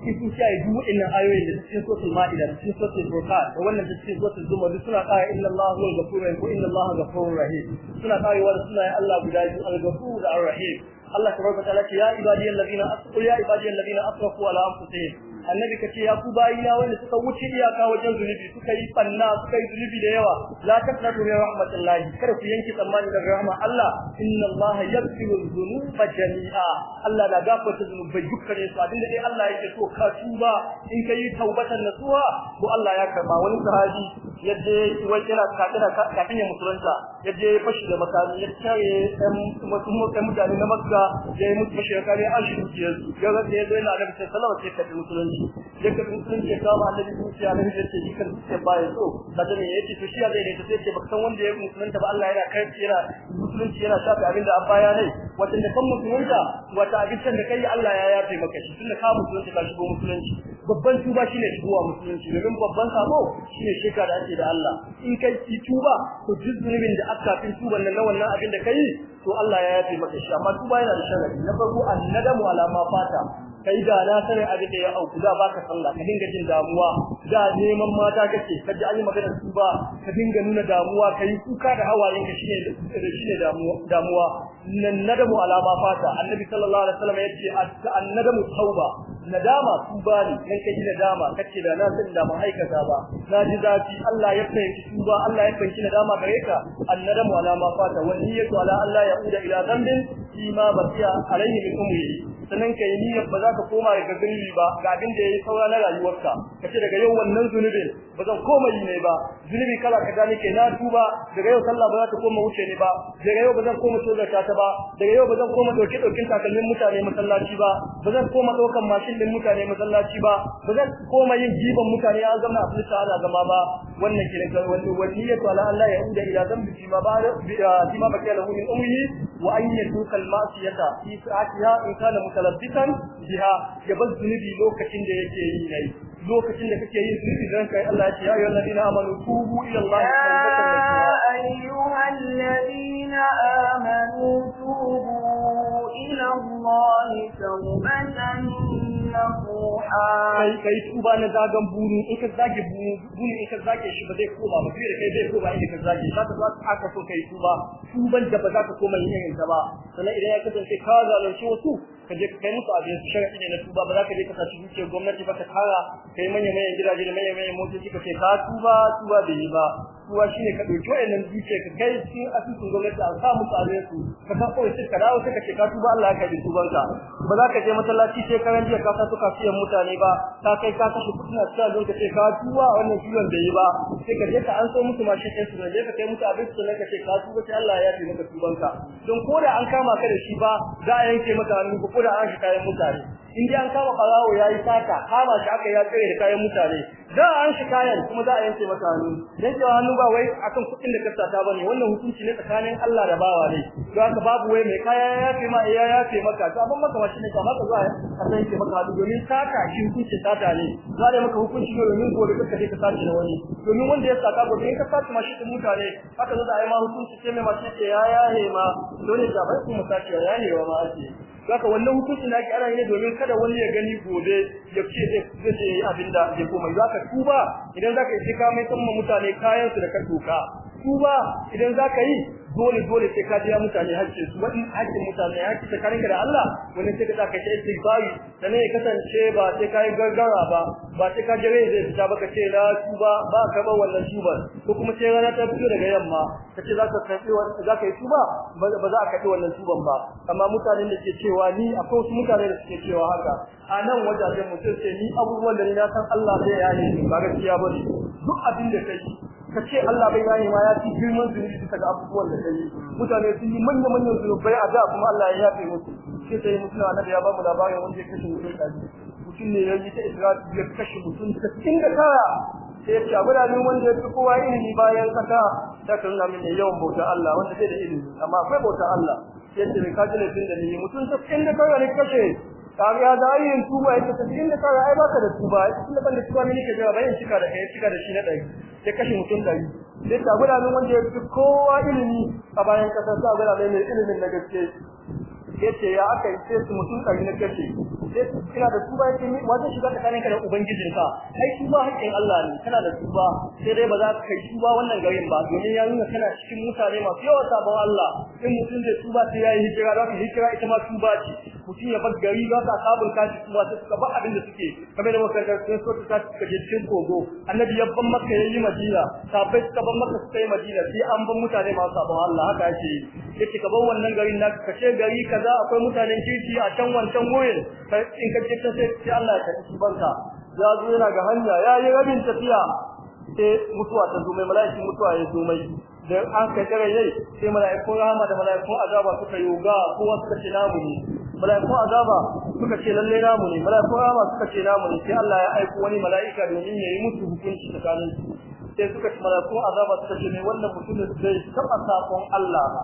cikin sun shaye duk waɗannan ayoyin da cikin suratul ma'ida cikin furqan da wannan da cikin duk suna ƙara inna allaha huwal ghafurur rahim ko inna ghafurur rahim suna ƙarewa da sunayen Allah guda biyu al-ghafur da ar-rahim Allah tabaraka ta'ala ya ibadiyal ladina asrafu ya ibadiyal ladina asrafu ala anfusihim annabi ka ce ya ku na wanda suka wuce iyaka wajen zunubi suka yi fanna suka yi zunubi da yawa la taqnatu min rahmatillahi kada ku yanke tsammani da rahma Allah inna Allah yaghfiru dhunuba jami'a Allah da gafarta zunubai dukkanin su abinda dai Allah yake so ka tuba in kai taubatan nasuha ko Allah ya karba wani sahabi yadda wai yana kafira kafin ya musulunta yaje fashi da makami ya tare ɗan wasu mutane na Makka ya yi musu fashi da kare ashirin ya zo yana da sallallahu alaihi wasallam sai ka musulunta musulunci sai ka musulunci ka ba annabi zuciya na hijirce shi kan zuciya ba ya so kaga ne yace to shi ya zai ta sai ce baka san wanda ya musulunta ba Allah yana kai tsira musulunci yana shafi abin da abba ya nai wanda kan musulunta wata abincin da kai Allah ya yafe maka shi tunda ka musulunci ka shigo musulunci babban tuba shine shigowa musulunci domin babban sabo shine shirka da ake da Allah in kai ki tuba to duk da aka fi tuba nan wannan abin da kai to Allah ya yafe maka shi amma tuba yana da sharadi na farko annadamu alama fata kai da na sani abin da ya auku da baka sallah ka dinga jin damuwa da neman mata kake ka ji an yi magana su ba ka dinga nuna damuwa kai kuka da hawayen ka shine shine damuwa damuwa nan nadamu alama fata annabi sallallahu alaihi wasallam yace annadamu tauba nadama tuba ne kai ji nadama kace da na san da ban aikata ba na ji zafi Allah ya fahimci tuba Allah ya fahimci nadama gare ka annadamu alama fata wani yato ala Allah ya uda ila zambin fima basiya alaihi min umri sannan kai niyyar ba za ka koma daga zunubi ba ga abin da yayi saura na rayuwarka kace daga yau wannan zunubin ba zan koma yi ne ba zunubi kala kaza nake na tuba daga yau sallah ba za ta koma wuce ne ba daga yau ba zan koma so zakka ta ba daga yau ba zan koma mutane masallaci ba ba zan koma mashin din mutane masallaci ba ba zan koma yin jiban mutane ya zama abin ta ala zama ba wannan kiran wannan wani ya ala Allah ya uda ila zambi ma ba ma bakiya lahu min umri wa al-ma'siyata fi sa'atiha in kana mutalabbisan biha ya bar zunubi lokacin da yake yi nai lokacin da kake yin zunubi dan kai Allah ya ce ya ayyuhal ladina amanu tubu ila Allah ya ayyuhal ladina amanu tubu ila Allah tawbatan kai kai tuba na zagan bunu in ka zage bunu in ka zage shi ba zai koma ba kai da kai zai koma inda ka zage za ta zo aka so kai tuba tuban da ba za ka koma yin irin ta ba sannan idan ya kasance ka zalunci wasu ka je kai musu abin sharadi ne na tuba ba za ka je ka saci zuciyar gwamnati ba ka kara kai manya manyan gidaje da manya manyan motoci ka ce ka tuba tuba bai yi ba shi shine ka ɗauki wayannan dukiya ka kai cikin asusun gwamnati a sa musu su ka san kawai sai ka dawo sai ka ce ka tuba Allah ka bi tubanka ba za ka je masallaci sai karan jiya ka saka fiyan mutane ba ka kai ka kashe kudi a cikin don ka ce ka tuba wannan ciwon da yi ba sai ka je ka an so musu mashin ɗin su ne ka kai musu abin su ne ka ce ka tuba sai Allah ya taimaka tubanka don ko da an kama ka da shi ba za a yanke maka hannu ko da an shi kayan mutane in dai an kama barawo yayi saka kama shi aka ya tsere da kayan mutane da an shi kayan kuma za a yanke masa hannu dan cewa hannu ba wai akan kudin da ka sata bane wannan hukunci ne tsakanin Allah da bawa ne to aka babu wai mai kaya ya fi ma iya ya fi maka to amma maka wace ne ka maka zuwa a san ke maka hannu domin saka shi hukunci sata ne za da maka hukunci domin gobe ka kace ka sace na wani domin wanda ya saka gobe ka sace mashi da mutane aka zo a yi ma hukunci ce mai mace ce ya ya he ma dole da bai kuma sace ya he ma ake haka wannan hukunci na ki ana yi ne domin kada wani ya gani gobe ya ce zai zai abin da zai komai zaka tuba idan zaka yi ka mai tsamma mutane kayan su da ka tuka tuba idan zaka yi dole dole sai ka biya mutane hakkin su wani hakkin mutane hakki ta da Allah wani sai ka ta kace istighfari dan ya kasance ba sai ka yi gargara ba ba sai ka jira zai fita baka ce la su ba ba ka ba wannan ba ko kuma sai rana ta fito daga yamma kace za ka tafi za ka yi tuba ba ba za ka yi wannan tuban ba amma mutanen da ke cewa ni akwai wasu mutane da suke cewa haka a nan wajajen mutum sai ni abubuwan da ni na san Allah zai yi ba gaskiya ba duk abin da kai ka ce Allah bai gane ma ya ci girman zunubi bisa ga abubuwan da ta yi mutane sun yi manya manyan bai a da kuma Allah ya yafe musu sai ta mutum annabi ya ba mu labarin wanda ya kashe mutum ɗari mutum ne ya yi ta israfi ya kashe mutum da cikin da kaya sai ya ce abu da wanda ya fi kowa ilimi bayan kasa ta kan nuna min yawan bauta Allah wanda zai da ilimi amma akwai bauta Allah sai ya ce mai kaji laifin da ni mutum ta cikin da kaya ne kashe kariya da ayin tuba yake ta cikin da kare ai baka da tuba cikin da banda tuba mini ke jira bayan cika da kai cika da shi na dai sai kashi mutun dai sai ta gura min wanda ya ci kowa ilimi a bayan kasar ta gura mai ilimin na gaske yace ya aka yi sai su mutum kai na kace sai kina da tuba yake ni wajen shiga kan ubangijin ka kai tuba hakkin Allah ne kana da tuba sai dai ba za ka kai tuba wannan garin ba domin ya nuna kana cikin mutane masu yawa sabon Allah in mutum da tuba sai yayi hijira da hijira ita ma tuba ce mutum ya bar gari ba sa sabon kashi kuma sai suka ba abin da suke kamar da makarkar sai so ta kashi suka je cikin kogo annabi ya ban maka yayi madina sabai suka ban maka sai madina sai an ban mutane masu sabon Allah haka yake yace ka bar wannan garin na ka ce gari kaza akwai mutanen kirki a can wancan wurin in ka ce sai Allah ya karɓi banka ya zo yana ga hanya ya yi rabin tafiya sai mutuwa ta zo mai mala'ikin mutuwa ya zo da an kai kare yayi sai mala'ikun rahama da mala'ikun azaba suka yoga kowa suka ci namu ne mala'iku azaba suka ce lalle namu ne mala'iku azaba suka ce namu ne sai Allah ya aiko wani mala'ika domin ya yi musu hukunci tsakanin su sai suka ce mala'iku azaba suka ce ne wannan mutumin zai taba sakon Allah ba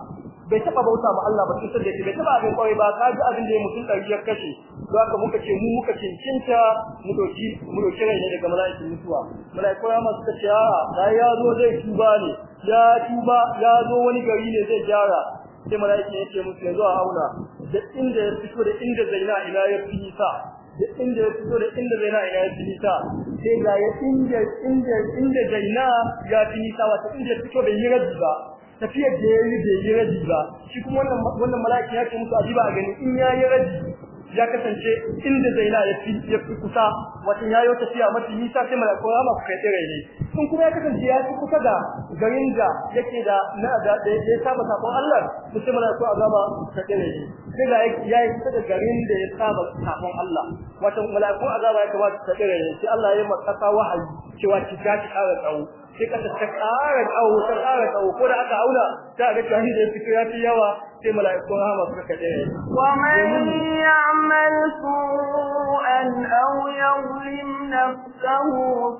bai taba bauta ma Allah ba sai sai bai taba abin kwai ba ka ji abin da ya mutum dari ya kashe don haka muka ce mu muka cincinta mu doki mu doki rai ne daga mala'iku mutuwa mala'iku azaba suka ce a ya zo zai tuba ne ya tuba ya zo wani gari ne zai gyara sai malaikin ya ce musu yanzu a auna da inda ya fito da inda zaina ina ya fita da inda ya fito da inda zaina ina ya fita sai ga ya inda inda inda zaina ya fita wata inda ya fito da yiraji ba tafiyar da ya yi da yiraji ba shi kuma wannan wannan malaki ya ce musu ajiba a gani in ya yiraji ya kasance inda zaina ya fi ya fi kusa wata ya yi tafiya mafi nisa sai malakun ma ku kai tsere ne sun kuma ya kasance ya fi kusa da garin da yake da na da ya saba sakon Allah sai malakun azaba ku kai tsere ne diga ya yi daga garin da ya saba kafin Allah wato mala'iku azaba ya kamata ta dare shi Allah ya maka wahayi cewa ki ta ki ƙara tsawo sai ka ta ƙara tsawo ta tsawo ko da aka aula ta ga tahi da fito ya fi yawa sai mala'iku ha masu ka wa man ya'mal su أو يظلم نفسه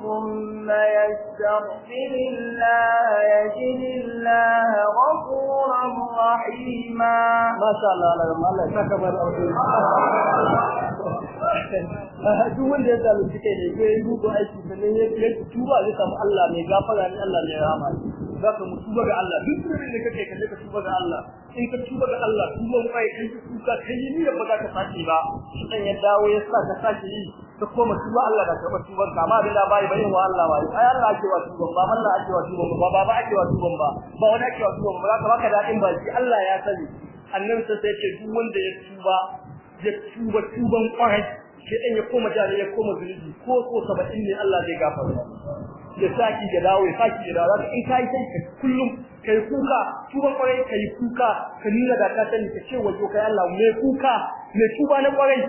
ثم يستغفر الله يجد الله غفورا رحيما ما شاء الله على ما كبر duk wanda ya zalunci kai ne ya yi mugun aiki sannan ya tuba zai samu Allah mai gafara ne Allah mai rahama za ka mutuba ga Allah duk da ne kake kaje ka tuba ga Allah in ka tuba ga Allah tuba kai in ka tuba kai ni ba za ka saki ba kan ya dawo ya sa ka saki yi ka koma tuba Allah da ka tuba ka ma da bai bai wa Allah bai ai Allah ake wa tuba ba Allah ake wa tuba ba baba ake wa tuba ba ba wani ake wa tuba ba ka baka dadin ba shi Allah ya sani annabi sai ya ce duk wanda ya tuba ya tuba tuban ke sai ya koma jari ya koma zuri ko ko saba'in ne Allah zai gafara ya saki ya dawo ya saki ya dawo in kai sai ka kullum kai kuka tuba kwarai kai kuka ka nuna da ka sani ka ce wajo kai Allah me kuka me tuba na kwarai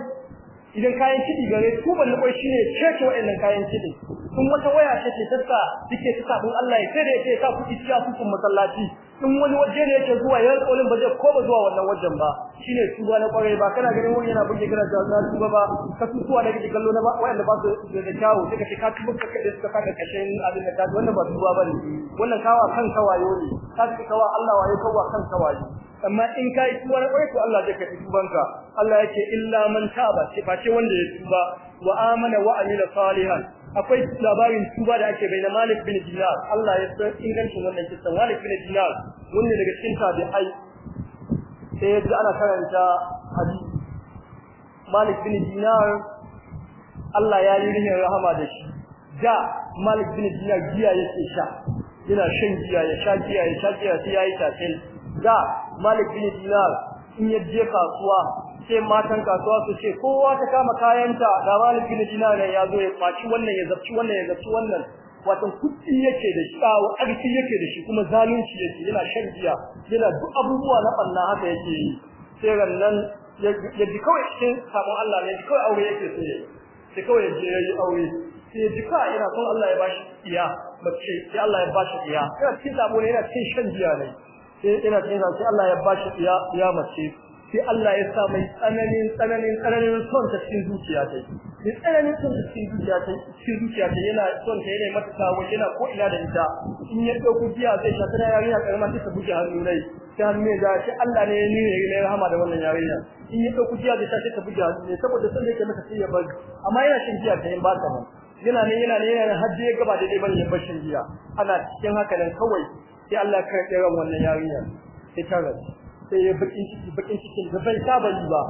idan kayan kiɗi gare su ban kwai shine cece wa'annan kayan kiɗi kun wata waya ce ce tassa take ta sabon Allah ya tare yake ka kuɗi ciya kuɗin masallaci in wani waje ne yake zuwa ya kolin baje ko ba zuwa wannan wajen ba shine tuba na kwarai ba kana ganin wani yana buge kana na su ba ka tuwa da kike kallo na ba wanda ba su da kyawu kika ce ka tuba ka kade suka saka ni abin da ta wannan ba su ba bane wannan kawa kan kawayo ne ka kawa Allah wayo kawa kan kawayo amma in kai tuwar kai to Allah zai karbi tubanka Allah yake illa man taba ce face wanda ya tuba wa amana wa amila salihan akwai labarin tuba da ake bayyana Malik bin Dinar Allah ya san ingancin wannan kisan Malik bin Dinar wanda daga cikin tabi'ai sai yaji ana karanta hadisi Malik bin Dinar Allah ya yi rihin rahama da shi da Malik bin Dinar giya yake sha yana shan giya ya sha giya ya sha giya sai yayi tafsir da malik bin dinar in ya je kasuwa sai matan kasuwa su ce kowa ta kama kayanta Da! malik bin dinar ya zo ya faci wannan ya zabci wannan ya zabci wannan wato kuɗi yake da shi a arki yake da shi kuma zalunci yake yana sharjiya yana duk abubuwa na Allah haka yake yi sai rannan ya ji kawai cikin sabon Allah ne kawai aure yake so yayi sai kawai ya je yayi aure sai ya ji ka ina son Allah ya bashi iya mace sai Allah ya bashi iya yana cin sabo ne yana cin shan jiya ne sai ina cewa sai Allah ya bashi ya ya mace sai Allah ya sa mai tsananin tsananin tsananin son ta cikin zuciya ta sai tsananin son ta cikin zuciya ta cikin zuciya ta yana son ta yana mata waje yana ko ina da ita in ya dauko biya zai sha tana yarinya karama sai ta buje hannu nai sai hannu ne da shi Allah ne ne ne rahama da wannan yarinya in ya dauko biya sai ta buje hannu ne saboda son da yake mata sai ya bari amma yana cikin biya ta in ba ta yana ne yana ne yana hajji ya gaba dai bane ya bashin biya ana cikin haka kawai sai Allah ya karɓe ran wannan yarinya sai ta rasu sai ya bakin ciki bakin cikin da bai saba yi ba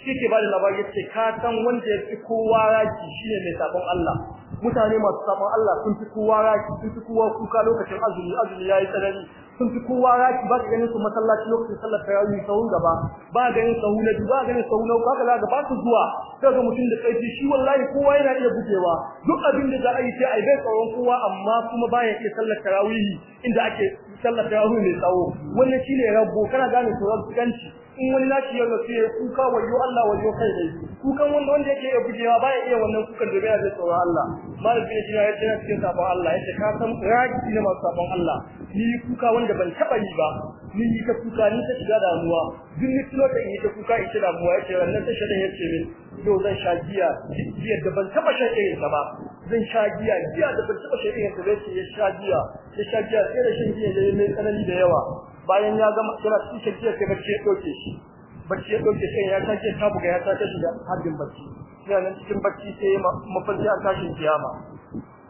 shi ke ba da labari sai ka san wanda ya fi kowa raki shine mai sabon Allah mutane masu sabon Allah sun fi kowa raki sun fi kowa kuka lokacin azumi azumi yayi tsanani sun fi kowa raki ba ka ganin su masallaci lokacin sallar tarawih sahun gaba ba ganin sahu na ba ganin sahu na ba kaza ga ba su zuwa sai ga mutum da kai shi wallahi kowa yana iya gudewa duk abin da za a yi sai ai bai tsaron kowa amma kuma baya iya sallar tarawih inda ake sallar ta mai tsawo wannan shi ne rabbo kana gane to rabbanci in wani nashi ya rasu ya kuka wayo Allah wayo kai dai kukan wanda wanda yake ya gujewa baya iya wannan kukan da bai da tsoron Allah malamin ya shi ya jira cikin sabon Allah yace ka san raki ne masu sabon Allah ni kuka wanda ban taba yi ba ni yi ka kuka ni ta shiga damuwa duk ni tuno da yi ta kuka ita damuwa yace wannan ta shadan yace min yau zan sha giya giyar da ban taba shan irin ba zan sha giya giya da bai taba shari'ar ta bace ya sha giya ya sha giya sai da shan giya ne mai tsanani da yawa bayan ya gama kira shi shan giya sai bace ya dauke shi bace ya dauke sai ya sake ta buga ya sake shi da harbin bacci yana nan cikin bacci sai ya mafarki a tashin kiyama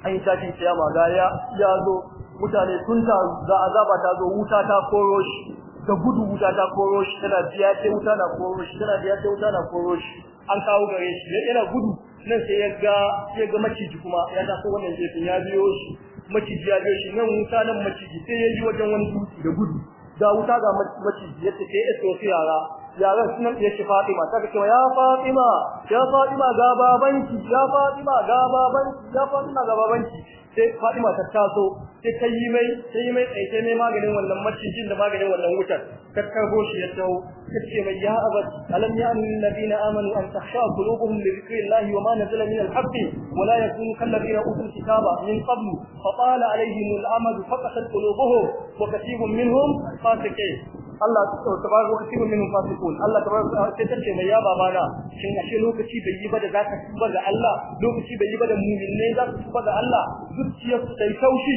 an yi tashin kiyama ga ya ya zo mutane sun ta za azaba ta zo wuta ta koro shi da gudu wuta ta koro shi tana biya ta wuta na koro shi tana biya ta wuta na koro shi an kawo gare shi yana gudu nan sai ya ga ya ga maciji kuma ya so wannan jefin ya biyo shi maciji ya biyo shi nan wuta nan maciji sai ya ji wajen wani dutse da gudu ga wuta ga maciji ya tafi ya so su yara yara sunan ya ce Fatima ta cewa ya Fatima ya Fatima ga babanki ya Fatima ga babanki ya Fatima ga babanki sai Fatima ta taso sai ta yi mai ta yi mai tsaye mai maganin wannan macijin da maganin wannan wutar ta karbo shi ya tawo ta mai ya abad alam ya annu alladhina amanu an tahsha qulubuhum li dhikrillahi wa ma nazala min al-haqq wa la yakunu kal ladina utul kitaba min qablu fa tala alayhim al-amad fa qulubuhum wa kathirun minhum fasiqun Allah tabaraka wa ta'ala minhum fasiqun Allah tabaraka sai tace mai ya babana shin ashe lokaci bai yi ba da zaka tuba ga Allah lokaci bai yi ba da mu'minai za su tuba ga Allah zuciyar su tai taushi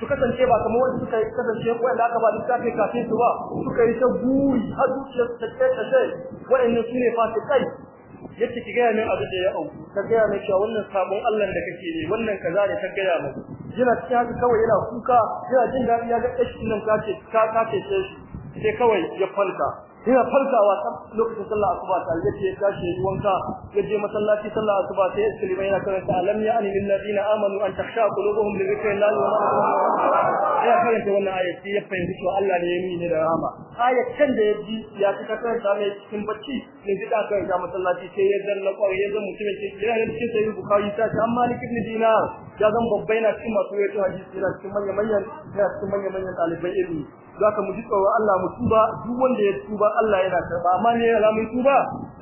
su kasance ba kamar wanda suka kasance wanda aka ba littafi kafin su ba suka yi ta buri har zuciyar su ta ta tace wa'annan sune fasikai yace ki gaya min abin da ya auku ka gaya min cewa wannan sabon Allah da kake ne wannan kaza ne ka gaya min yana cikin haka kawai yana kuka yana jin dadi ya ga kashi nan kace ka kace shi sai kawai ya falka yana falkawa lokacin sallah asuba ta yace ya tashi yi wanka ya je masallaci sallah asuba ta ya sallama yana karanta alam ya anil ladina amanu an takhsha qulubuhum li dhikrillahi wa ya karanta wannan ayat ya fahimci cewa Allah ne ya yi ne da rahama ayat kan da ji ya ta karanta mai cikin bacci ne ji da karanta masallaci sai ya zanna kwai ya zama mutumin ke ya ran cikin sai bukhari ta ce amma malik ibn dinar ya zama babbai na cikin masu yato hadisi da cikin manyan manyan da cikin manyan manyan dalibai ilmi Za ka muji tsoron Allah mu tuba duk wanda ya tuba Allah yana karba amma ne ya mu tuba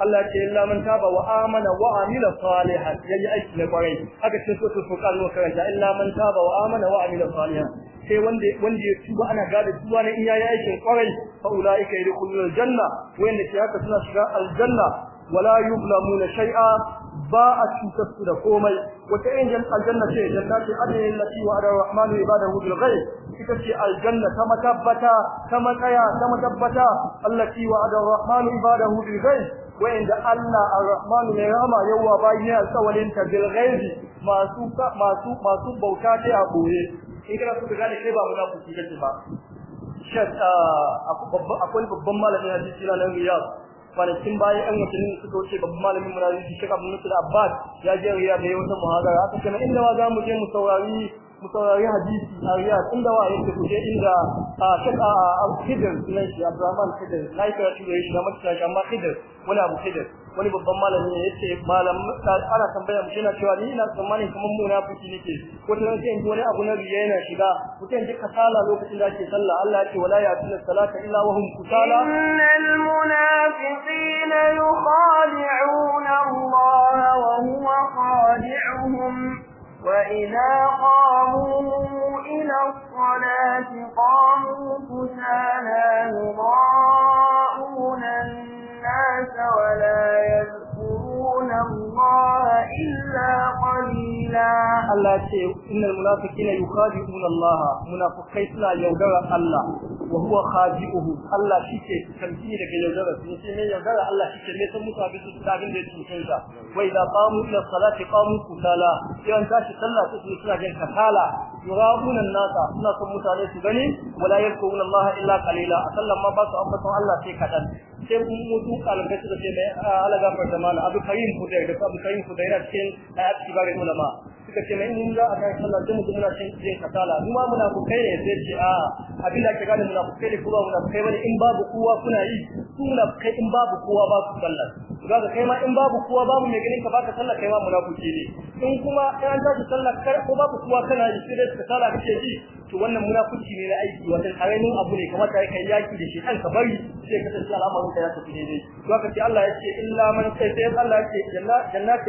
Allah ce illa man taba wa amana wa amila salihan yayi aiki na kwarai haka ce so to kan mu karanta illa man taba wa amana wa amila salihan sai wanda wanda ya tuba ana gada tuba ne in yayi aikin kwarai fa ulaika yadkhulul janna wanda ke haka suna shiga aljanna wala yuzlamuna shay'a ba a cutar su da komai wata irin aljanna ce janna ce adil lati wa ar rahman ibadahu bil ghaib ita ce aljanna ta matabbata ta matsaya ta matabbata allati wa ar rahman ibadahu bil ghaib wa inda allah ar rahman ne rama yawa bayin alsawalin ta bil ghaib masu masu masu bauta ce a boye in kana so ka gane kai ba munafiki kake ba shek ah, akwai babban malamin hadisi na Riyadh kwanakin baya yan watanni suka wuce babban malamin mu na shi Sheikh Abdul Abbas ya je Riyadh da wata muhadara aka ce inda wa za mu je mu saurari mu saurari hadisi a riyad inda wa yake kuje inda a shaka a khidr sunan shi abdurrahman khidr na yi karatu da shi na mutane amma khidr wani abu khidr wani babban malami ne yace malam ana tambaya mu yana cewa ni ina tsammanin kamar mu na fuki nake ko ta ce in wani abu na riya yana shiga ko ta ji kasala lokacin da ake sallah Allah ya ce wala ya tuna salata illa wa hum kusala innal munafiqina yukhadi'una Allah wa huwa khadi'uhum وإذا قاموا إلى الصلاة قاموا كسالى يراءون الناس ولا يذكرون الله إلا قليلا munafiqina Allah ce innal munafiqina yukhadi'una Allah munafiqai suna yaudara Allah wa huwa khadi'uhu Allah shike kanti daga yaudara sun ce mai yaudara Allah shike ne san musa bisu tabin da yake cikin sa wa idza qamu ila salati qamu kusala yawan tashi sallah su suna jin kasala yurabuna an-nasa suna son mutane su gani wala yakuruna Allah illa qalila sallan ma ba su ambaton Allah sai kadan sai kun mutu kalgaci da sai mai alaga farta mala abu karim ku da abu karim kudai da cikin ayat kibarin ulama suka ce mai mun za a kai sallah sai mutum muna cin jin kasala mu ma muna ku kai ne sai ce a abinda da ke gani muna ku kai ne kuma muna ku kai bane in babu kowa kuna yi kuna kai in babu kowa ba ku sallah za ka kai ma in babu kuwa babu mai ganin ka baka sallah kai ma munafiki ne in kuma in an tashi sallah kar ko babu kuwa kana yi sai ka sallah kake ji to wannan munafiki ne na aiki wata karamin abu ne kamar kai kai yaki da shi kan ka bari sai ka tashi al'amarin ka ya tafi daidai to ka Allah ya ce illa man sai sai Allah ya jannati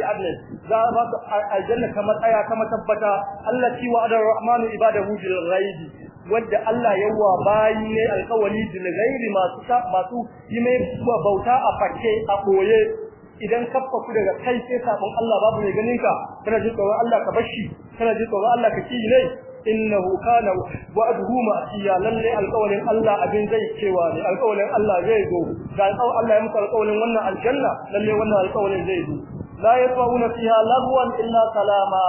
za ba su aljanna kamar aya kamar tabbata Allah ci wa adar rahmanu ibadahu bil ghaibi wadda Allah ya wa bayi ne alkawali da gairi masu masu yi mai bauta a fake a boye idan kaffa fafu daga kai sai sabon Allah babu mai ganin ka kana ji tsoron Allah ka bashi kana ji tsoron Allah ka ci ne innahu kana wa'duhu ya lalle alqawlin Allah abin zai cewa ne alqawlin Allah zai zo ga alqawlin Allah ya muku alqawlin wannan aljanna lalle wannan alqawlin zai zo la yatawuna fiha lahwan illa salama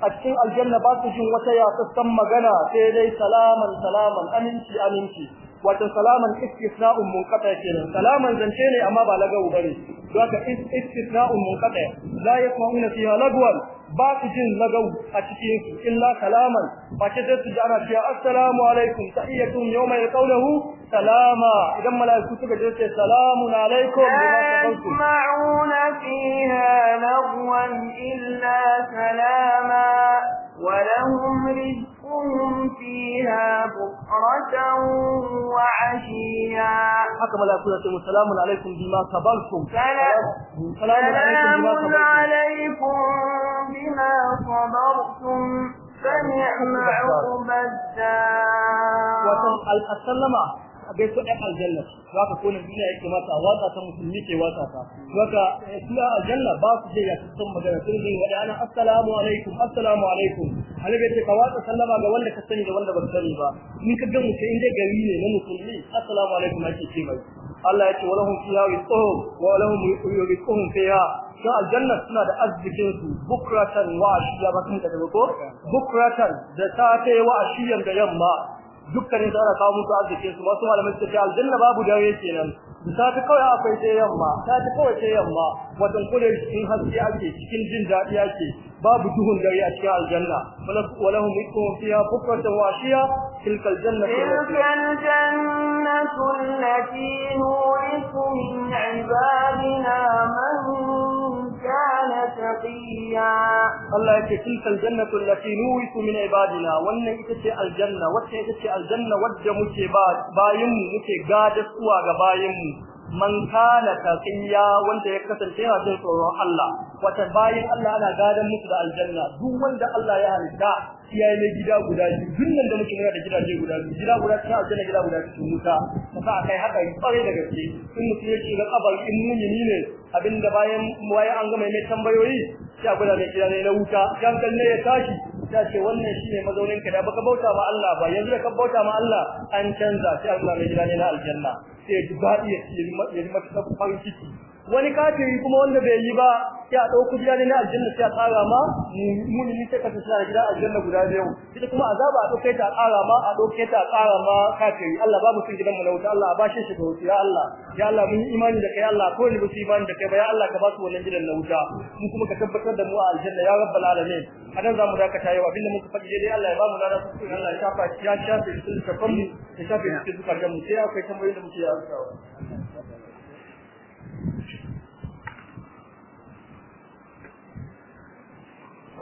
a cikin aljanna ba su jin wata yasassan magana sai dai salaman salaman aminci aminci wato salaman istisna'un munqata kenan salaman zance ne amma ba lagawu bane don haka istisna'un munqata la yasma'una fiha lagwan ba su jin lagawu a cikin su illa salaman ba ce su ji ana cewa assalamu alaikum tahiyyatun yawma yaquluhu salama idan mala'iku suka je ce salamun alaikum yasma'una fiha lagwan illa salama ولهم رزقهم فيها بكرة وعشيا حكم الله كل سلام عليكم بما صبرتم سلام عليكم بما, عليكم بما صبرتم فنعم عقب الدار وسلم bai su ɗan aljanna za ka kone duniya yake mata watsa ta musulmi ke watsa ta za ka eh, aljanna ba su je ya san magana sun zai wada ana assalamu alaikum assalamu alaikum halaga ce ka watsa sallama ga wanda ka sani da wanda ba sani ba in ka ga mutum inda gari ne na musulmi assalamu alaikum ake ce mai Allah ya ce walahum fiha rizquhum wa lahum rizquhum fiha to aljanna suna da arzikin su bukratan wa ashiya ba kan da ko bukratan da safe wa ashiyan da yamma dukkanin da aka kawo musu arziki su wasu malamai suka ce aljanna babu dare kenan ta ta kawai akwai sai yamma ta ta kawai sai yamma wato kullum cikin haske ake cikin jin dadi ake babu duhun dare a cikin aljanna walahum ikum fiha bukratan wa ashiya tilka aljanna tilka aljannatu allati nurisu min تقيا الله يكي تلك الجنة التي نورث من عبادنا وانا يتشي الجنة وانا يتشي الجنة muke مكي بايم مكي قادة سوى بايم man kana taqiya wanda ya kasance yana jin tsoron Allah wata bayan Allah ana gadan musu da aljanna duk wanda Allah ya halitta iya ne gida guda biyu dunnan da muke muna da gidaje guda biyu gida guda cikin aljanna gida guda cikin wuta ka aka kai haka kwarai da gaske in mutum ya shiga kabar in ni ne abinda bayan waye an ga mai tambayoyi sai a gwada gida ne na wuta kan ne ya tashi ta ce wannan shine mazaunin ka da baka bauta ma Allah ba yanzu da ka bauta ma Allah an canza sai Allah mai gida ne na aljanna sai baɗi ya yi mata farin ciki wani kafiri kuma wanda bai yi ba ya dauki dauko ne na aljanna sai a tsara ma ne sai ka tsaya gida aljanna guda biyu ita kuma azaba a dauke ta a tsara ma a dauke ta a tsara ma kafiri Allah babu sun gidan mu na wuta Allah ba shi shiga wuta ya Allah ya Allah mun yi imani da kai Allah ko ni ba su imani da kai ba ya Allah ka ba su wannan gidan na wuta mun kuma ka tabbatar da mu a aljanna ya rabbal alamin anan zamu dakata yau abinda mun faɗi dai Allah ya ba mu dana kuma Allah ya shafa ya shafe su ta famu ya shafe su ta famu sai akwai tambayoyi da muke ya a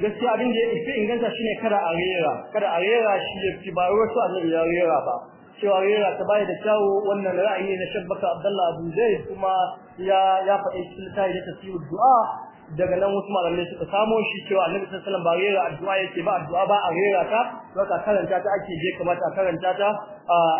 gaskiya abin da yake inganta ne kada a rera kada a rera shi yake ba ruwa su annabi ya rera ba cewa rera ta bai da kyawu wannan ra'ayi na shabbaka abdullahi abu zai kuma ya ya faɗi shi ta yi da tafsirul du'a daga nan wasu malamai suka samo shi cewa annabi sallallahu alaihi wasallam ba rera addu'a yake ba addu'a ba a rera ta saka karanta ta ake je kamata a karanta ta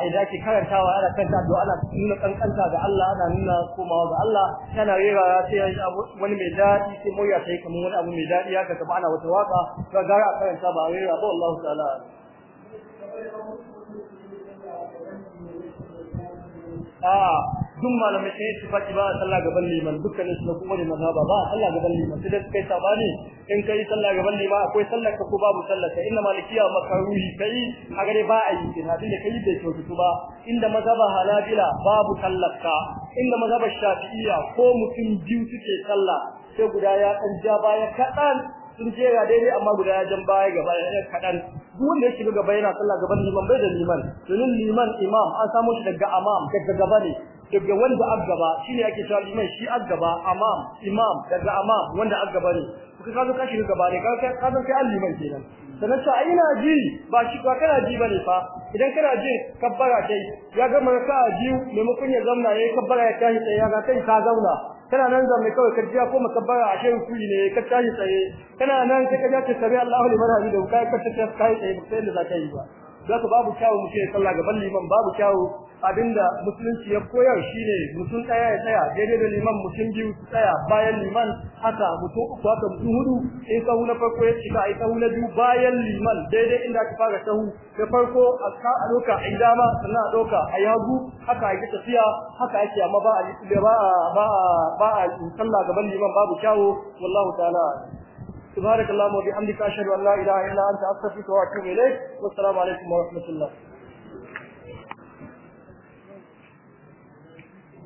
idan ake karantawa ana karanta addu'a ana nuna kankanta ga Allah ana nuna komawa ga Allah tana rera sai wani mai dadi sai murya sai kamar wani abu mai dadi haka ba ana wata waka ga gara a karanta ba a rera ba wallahi ta'ala a duk malamai sai su faɗi ba sallah gaban liman dukkanin su na kuma ne mazhaba ba sallah gaban liman sai kai yi sabani in kai sallah gaban liman akwai sallah ka ko babu sallah ka inna malikiya makaruhi kai a gare ba a yi kin hadin da kai bai ba inda mazhaba halabila babu sallar ka inda mazhaba shafi'iya ko mutum biyu suke sallah sai guda ya kan ja baya kadan sun jera daidai amma guda ya jan baya gaba ya kadan duk wanda ya shiga gaba yana sallah gaban liman bai da liman domin liman imam an samu shi daga amam daga gaba ne daga wanda aggaba shine ake cewa liman shi aggaba imam imam daga amam wanda aggaba ne kuka kazo ka shiga gaba ne ka ka san kai alliman kenan Sannan ta ina ji ba shi ba kana ji bane fa idan kana ji kabbara kai ya ga marka ji maimakon ya zamna yayi kabbara ya tashi tsaye ya ga kai ka zauna kana nan zamai kawai ka ji ko makabbara a shehu kuyi ne ka tashi tsaye kana nan sai ka ji ta sabi Allahu liman hamidu ka ka tashi tsaye sai da zakai ba zaka babu kyawu mutum ya sallah gaban liman babu kyawu abinda musulunci ya koyar shine mutum daya ya tsaya daidai da liman mutum biyu su tsaya bayan liman haka mutum uku haka mutum hudu in sahu na farko ya shiga ai sahu na biyu bayan liman daidai inda aka fara sahu da farko a ka a doka ai dama sannan a doka yi hagu haka ake tafiya haka ake amma ba a ba ba ba a sallah gaban liman babu kyawo wallahu ta'ala bihamdika ashhadu an la ilaha illa anta astaghfiruka wa atubu ilayk wa assalamu alaikum wa الله